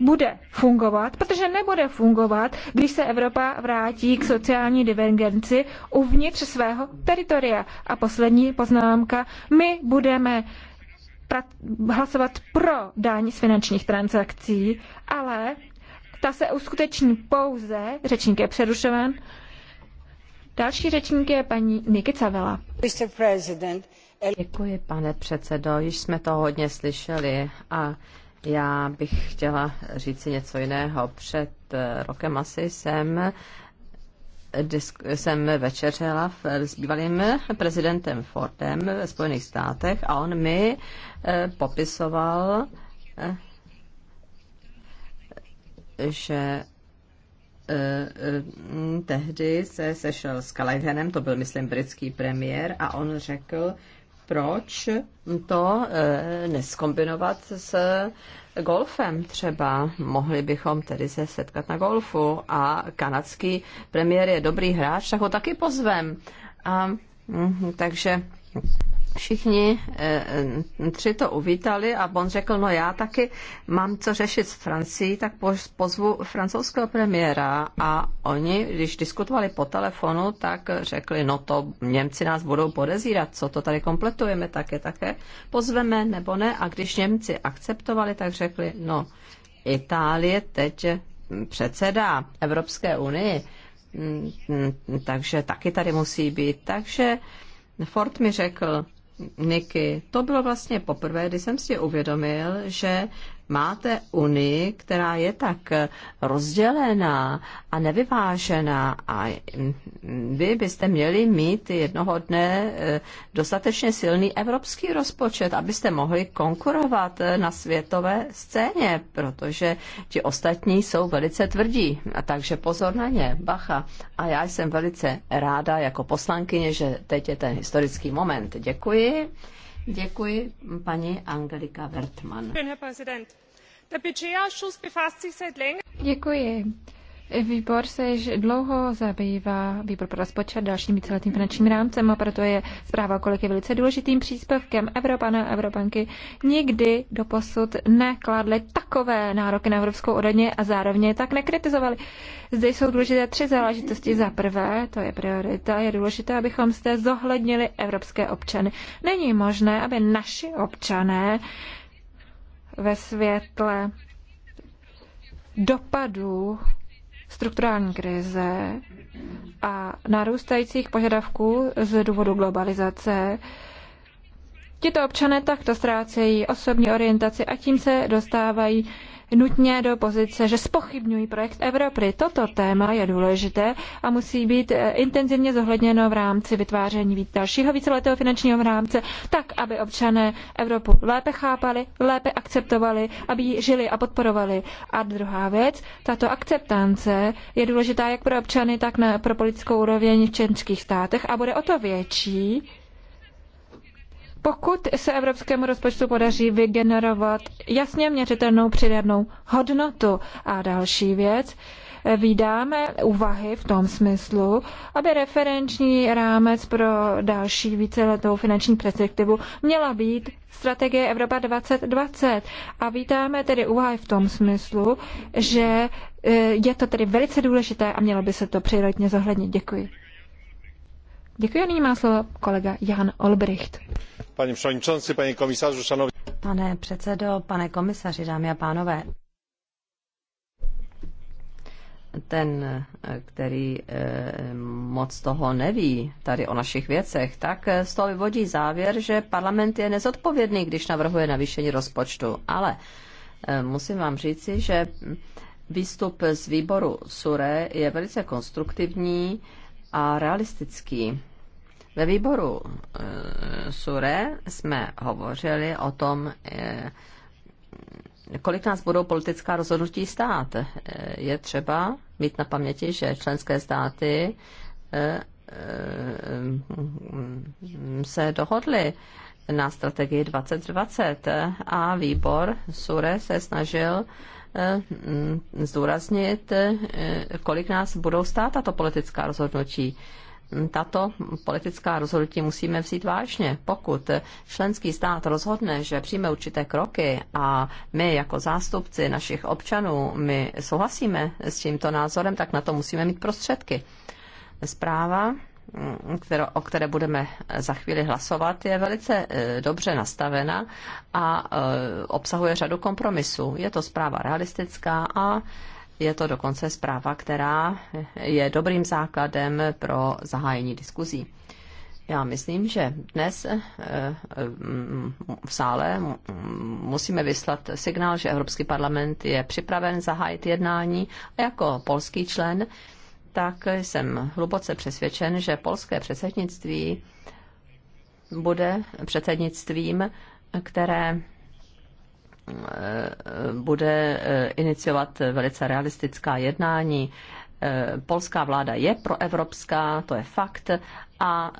bude fungovat, protože nebude fungovat, když se Evropa vrátí k sociální divergenci uvnitř svého teritoria. A poslední poznámka, my budeme hlasovat pro daň z finančních transakcí, ale ta se uskuteční pouze, řečník je přerušován, Další řečník je paní Nikicavela. Děkuji, pane předsedo. Již jsme to hodně slyšeli a já bych chtěla říci něco jiného. Před eh, rokem asi jsem jsem večeřela v, s bývalým prezidentem Fordem ve Spojených státech a on mi eh, popisoval, eh, že eh, tehdy se sešel s Callaghanem, to byl, myslím, britský premiér, a on řekl, proč to e, neskombinovat s golfem třeba. Mohli bychom tedy se setkat na golfu a kanadský premiér je dobrý hráč, tak ho taky pozvem. A, mhm, takže všichni eh, tři to uvítali a Bon řekl, no já taky mám co řešit s Francií, tak pozvu francouzského premiéra a oni, když diskutovali po telefonu, tak řekli, no to Němci nás budou podezírat, co to tady kompletujeme, tak je také pozveme nebo ne a když Němci akceptovali, tak řekli, no Itálie teď předsedá Evropské unii, mm, mm, takže taky tady musí být, takže Ford mi řekl, Niky, to bylo vlastně poprvé, kdy jsem si uvědomil, že máte Unii, která je tak rozdělená a nevyvážená a vy byste měli mít jednoho dne eh, dostatečně silný evropský rozpočet, abyste mohli konkurovat eh, na světové scéně, protože ti ostatní jsou velice tvrdí. A takže pozor na ně, bacha. A já jsem velice ráda jako poslankyně, že teď je ten historický moment. Děkuji. Děkuji, paní Angelika Wertmann. Děkuji. Výbor se již dlouho zabývá, výbor pro rozpočet, dalším víceletým finančním rámcem a proto je zpráva o kolik je velice důležitým příspěvkem Evropa na Evropanky nikdy doposud nekladly takové nároky na Evropskou odeně a zároveň je tak nekritizovali. Zde jsou důležité tři záležitosti. Za prvé, to je priorita, je důležité, abychom zde zohlednili evropské občany. Není možné, aby naši občané ve světle dopadů strukturální krize a narůstajících požadavků z důvodu globalizace Tito občané takto ztrácejí osobní orientaci a tím se dostávají nutně do pozice, že spochybňují projekt Evropy. Toto téma je důležité a musí být eh, intenzivně zohledněno v rámci vytváření dalšího víceletého finančního rámce, tak, aby občané Evropu lépe chápali, lépe akceptovali, aby ji žili a podporovali. A druhá věc, tato akceptance je důležitá jak pro občany, tak na, pro politickou úroveň v členských státech a bude o to větší, pokud se evropskému rozpočtu podaří vygenerovat jasně měřitelnou přidanou hodnotu. A další věc, vydáme úvahy v tom smyslu, aby referenční rámec pro další víceletou finanční perspektivu měla být strategie Evropa 2020. A vítáme tedy úvahy v tom smyslu, že e, je to tedy velice důležité a mělo by se to přirozeně zohlednit. Děkuji. Děkuji a nyní má slovo kolega Jan Olbricht. Pane předsedající, pane komisaři, šanovní... Pane předsedo, pane komisaři, dámy a pánové. Ten, který eh, moc toho neví tady o našich věcech, tak z toho vyvodí závěr, že parlament je nezodpovědný, když navrhuje navýšení rozpočtu. Ale eh, musím vám říci, že výstup z výboru SURE je velice konstruktivní a realistický. Ve výboru eh, SURE jsme hovořili o tom, eh, kolik nás budou politická rozhodnutí stát. Eh, je třeba mít na paměti, že členské státy se dohodly na strategii 2020 a výbor SURE se snažil zdůraznit, kolik nás budou stát tato politická rozhodnutí tato politická rozhodnutí musíme vzít vážně. Pokud členský stát rozhodne, že přijme určité kroky a my jako zástupci našich občanů, my souhlasíme s tímto názorem, tak na to musíme mít prostředky. Zpráva kterou, o které budeme za chvíli hlasovat, je velice eh, dobře nastavena a eh, obsahuje řadu kompromisů. Je to zpráva realistická a je to dokonce zpráva, která je dobrým základem pro zahájení diskuzí. Já myslím, že dnes eh, eh, v sále musíme vyslat signál, že Evropský parlament je připraven zahájit jednání a jako polský člen tak jsem hluboce přesvědčen, že polské předsednictví bude předsednictvím, které Eh, bude eh, iniciovat velice realistická jednání. Eh, polská vláda je proevropská, to je fakt, a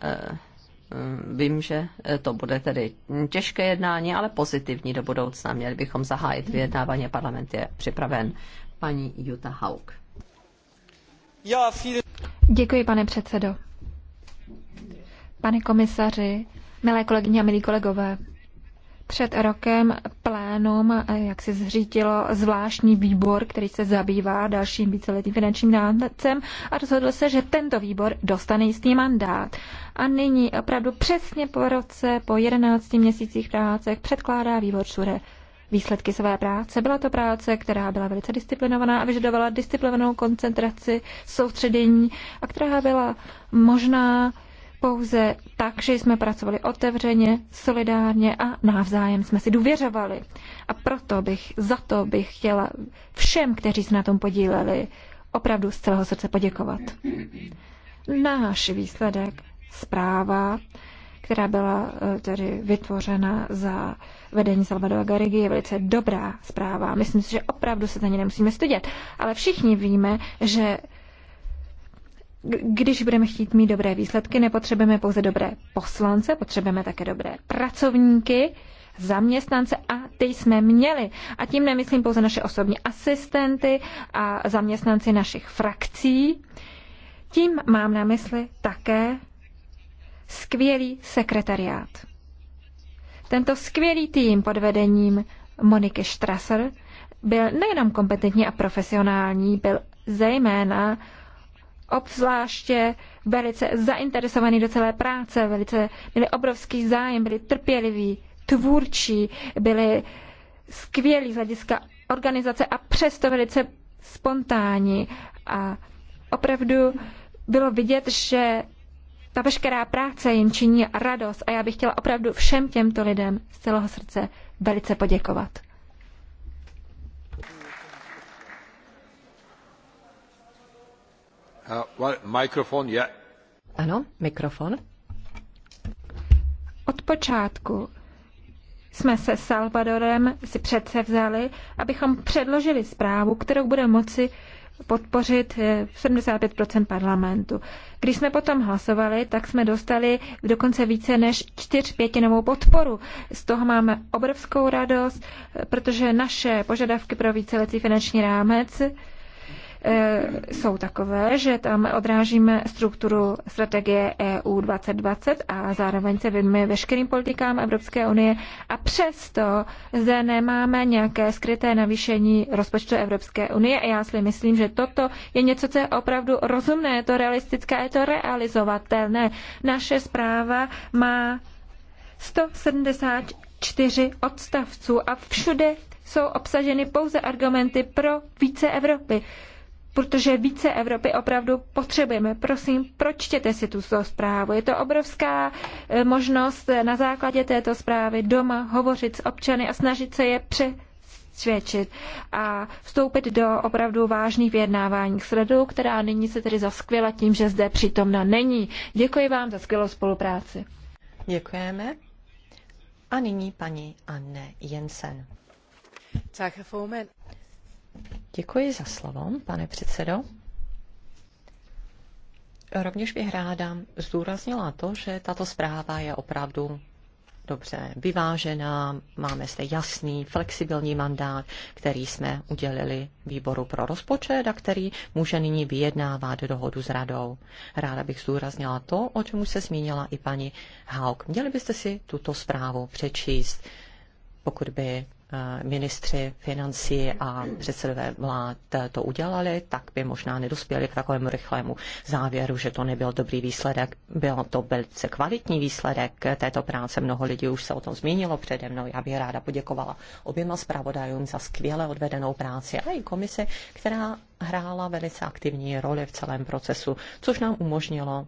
vím, že to bude tedy těžké jednání, ale pozitivní do budoucna. Měli bychom zahájit vyjednávání. Parlament je připraven. Paní Jutta Hauk. Děkuji, pane předsedo. Pane komisaři, milé kolegyně a milí kolegové, před rokem plénum eh, jak se zřítilo zvláštní výbor, který se zabývá dalším víceletým finančním rámcem a rozhodl se, že tento výbor dostane jistý mandát. A nyní opravdu přesně po roce, po 11 měsících práce předkládá výbor Šure výsledky své práce. Byla to práce, která byla velice disciplinovaná a vyžadovala disciplinovanou koncentraci, soustředění a která byla možná pouze tak, že jsme pracovali otevřeně, solidárně a navzájem jsme si důvěřovali. A proto bych, za to bych chtěla všem, kteří se na tom podíleli, opravdu z celého srdce poděkovat. Náš výsledek, zpráva, která byla eh, tedy vytvořena za vedení Salvadora Garrigy, je velice dobrá zpráva. Myslím si, že opravdu se za ní nemusíme stydět. Ale všichni víme, že když budeme chtít mít dobré výsledky, nepotřebujeme pouze dobré poslance, potřebujeme také dobré pracovníky, zaměstnance a ty jsme měli. A tím nemyslím pouze naše osobní asistenty a zaměstnanci našich frakcí. Tím mám na mysli také skvělý sekretariát. Tento skvělý tým pod vedením Moniky Strasser byl nejenom kompetentní a profesionální, byl zejména obzvláště velice zainteresovaní do celé práce, velice měli obrovský zájem, byli trpěliví, tvůrčí, byli skvělí z hlediska organizace a přesto velice spontánní. A opravdu bylo vidět, že ta veškerá práce jim činí radost a já bych chtěla opravdu všem těmto lidem z celého srdce velice poděkovat. Uh, ano, mikrofon. Od počátku jsme se Salvadorem si přece vzali, abychom předložili zprávu, kterou bude moci podpořit 75 eh, parlamentu. Když jsme potom hlasovali, tak jsme dostali dokonce více než čtyřpětinovou podporu. Z toho máme obrovskou radost, eh, protože naše požadavky pro víceletý finanční rámec E, jsou takové, že tam odrážíme strukturu strategie EU 2020 a zároveň se věnujeme veškerým politikám Evropské unie a přesto zde nemáme nějaké skryté navýšení rozpočtu Evropské unie a já si myslím, že toto je něco, co je opravdu rozumné, je to realistické, je to realizovatelné. Naše zpráva má 174 odstavců a všude jsou obsaženy pouze argumenty pro více Evropy protože více Evropy opravdu potřebujeme. Prosím, pročtěte si tu zprávu. Je to obrovská e, možnost na základě této zprávy doma hovořit s občany a snažit se je pře svědčit a vstoupit do opravdu vážných vyjednávání s radou, která nyní se tedy zaskvěla tím, že zde přítomna není. Děkuji vám za skvělou spolupráci. Děkujeme. A nyní paní Anne Jensen. Tak, Děkuji za slovo, pane předsedo. Rovněž bych ráda zdůraznila to, že tato zpráva je opravdu dobře vyvážená, máme zde jasný, flexibilní mandát, který jsme udělili výboru pro rozpočet a který může nyní vyjednávat dohodu s radou. Ráda bych zdůraznila to, o čem se zmínila i paní Hauk. Měli byste si tuto zprávu přečíst, pokud by Eh, ministři financí a předsedové vlád eh, to udělali, tak by možná nedospěli k takovému rychlému závěru, že to nebyl dobrý výsledek. Byl to velice kvalitní výsledek eh, této práce. Mnoho lidí už se o tom zmínilo přede mnou. Já bych ráda poděkovala oběma zpravodajům za skvěle odvedenou práci a i komisi, která hrála velice aktivní roli v celém procesu, což nám umožnilo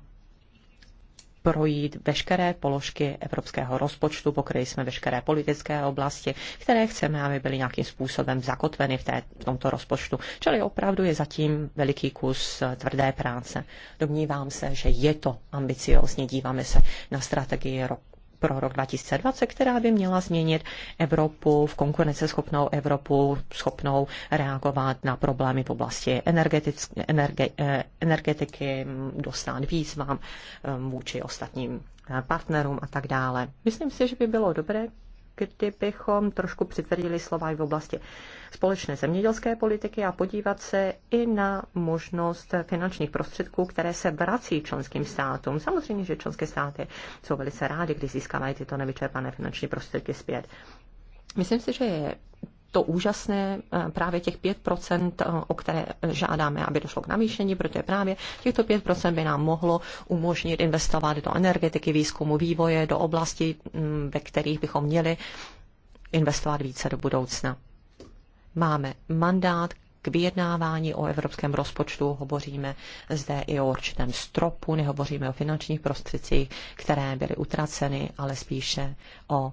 projít veškeré položky evropského rozpočtu, pokryli jsme veškeré politické oblasti, které chceme, aby byly nějakým způsobem zakotveny v, té, v tomto rozpočtu. Čili opravdu je zatím veliký kus eh, tvrdé práce. Domnívám se, že je to ambiciozní. Díváme se na strategii rok pro rok 2020, která by měla změnit Evropu v konkurenceschopnou Evropu, schopnou reagovat na problémy v oblasti energe, eh, energetiky, dostat výzvám eh, vůči ostatním eh, partnerům a tak dále. Myslím si, že by bylo dobré kdybychom trošku přitvrdili slova i v oblasti společné zemědělské politiky a podívat se i na možnost finančních prostředků, které se vrací členským státům. Samozřejmě, že členské státy jsou velice rádi, když získávají tyto nevyčerpané finanční prostředky zpět. Myslím si, že je to úžasné eh, právě těch 5%, eh, o které žádáme, aby došlo k navýšení, protože právě těchto 5% by nám mohlo umožnit investovat do energetiky, výzkumu, vývoje, do oblasti, mm, ve kterých bychom měli investovat více do budoucna. Máme mandát k vyjednávání o evropském rozpočtu, hovoříme zde i o určitém stropu, nehovoříme o finančních prostředcích, které byly utraceny, ale spíše o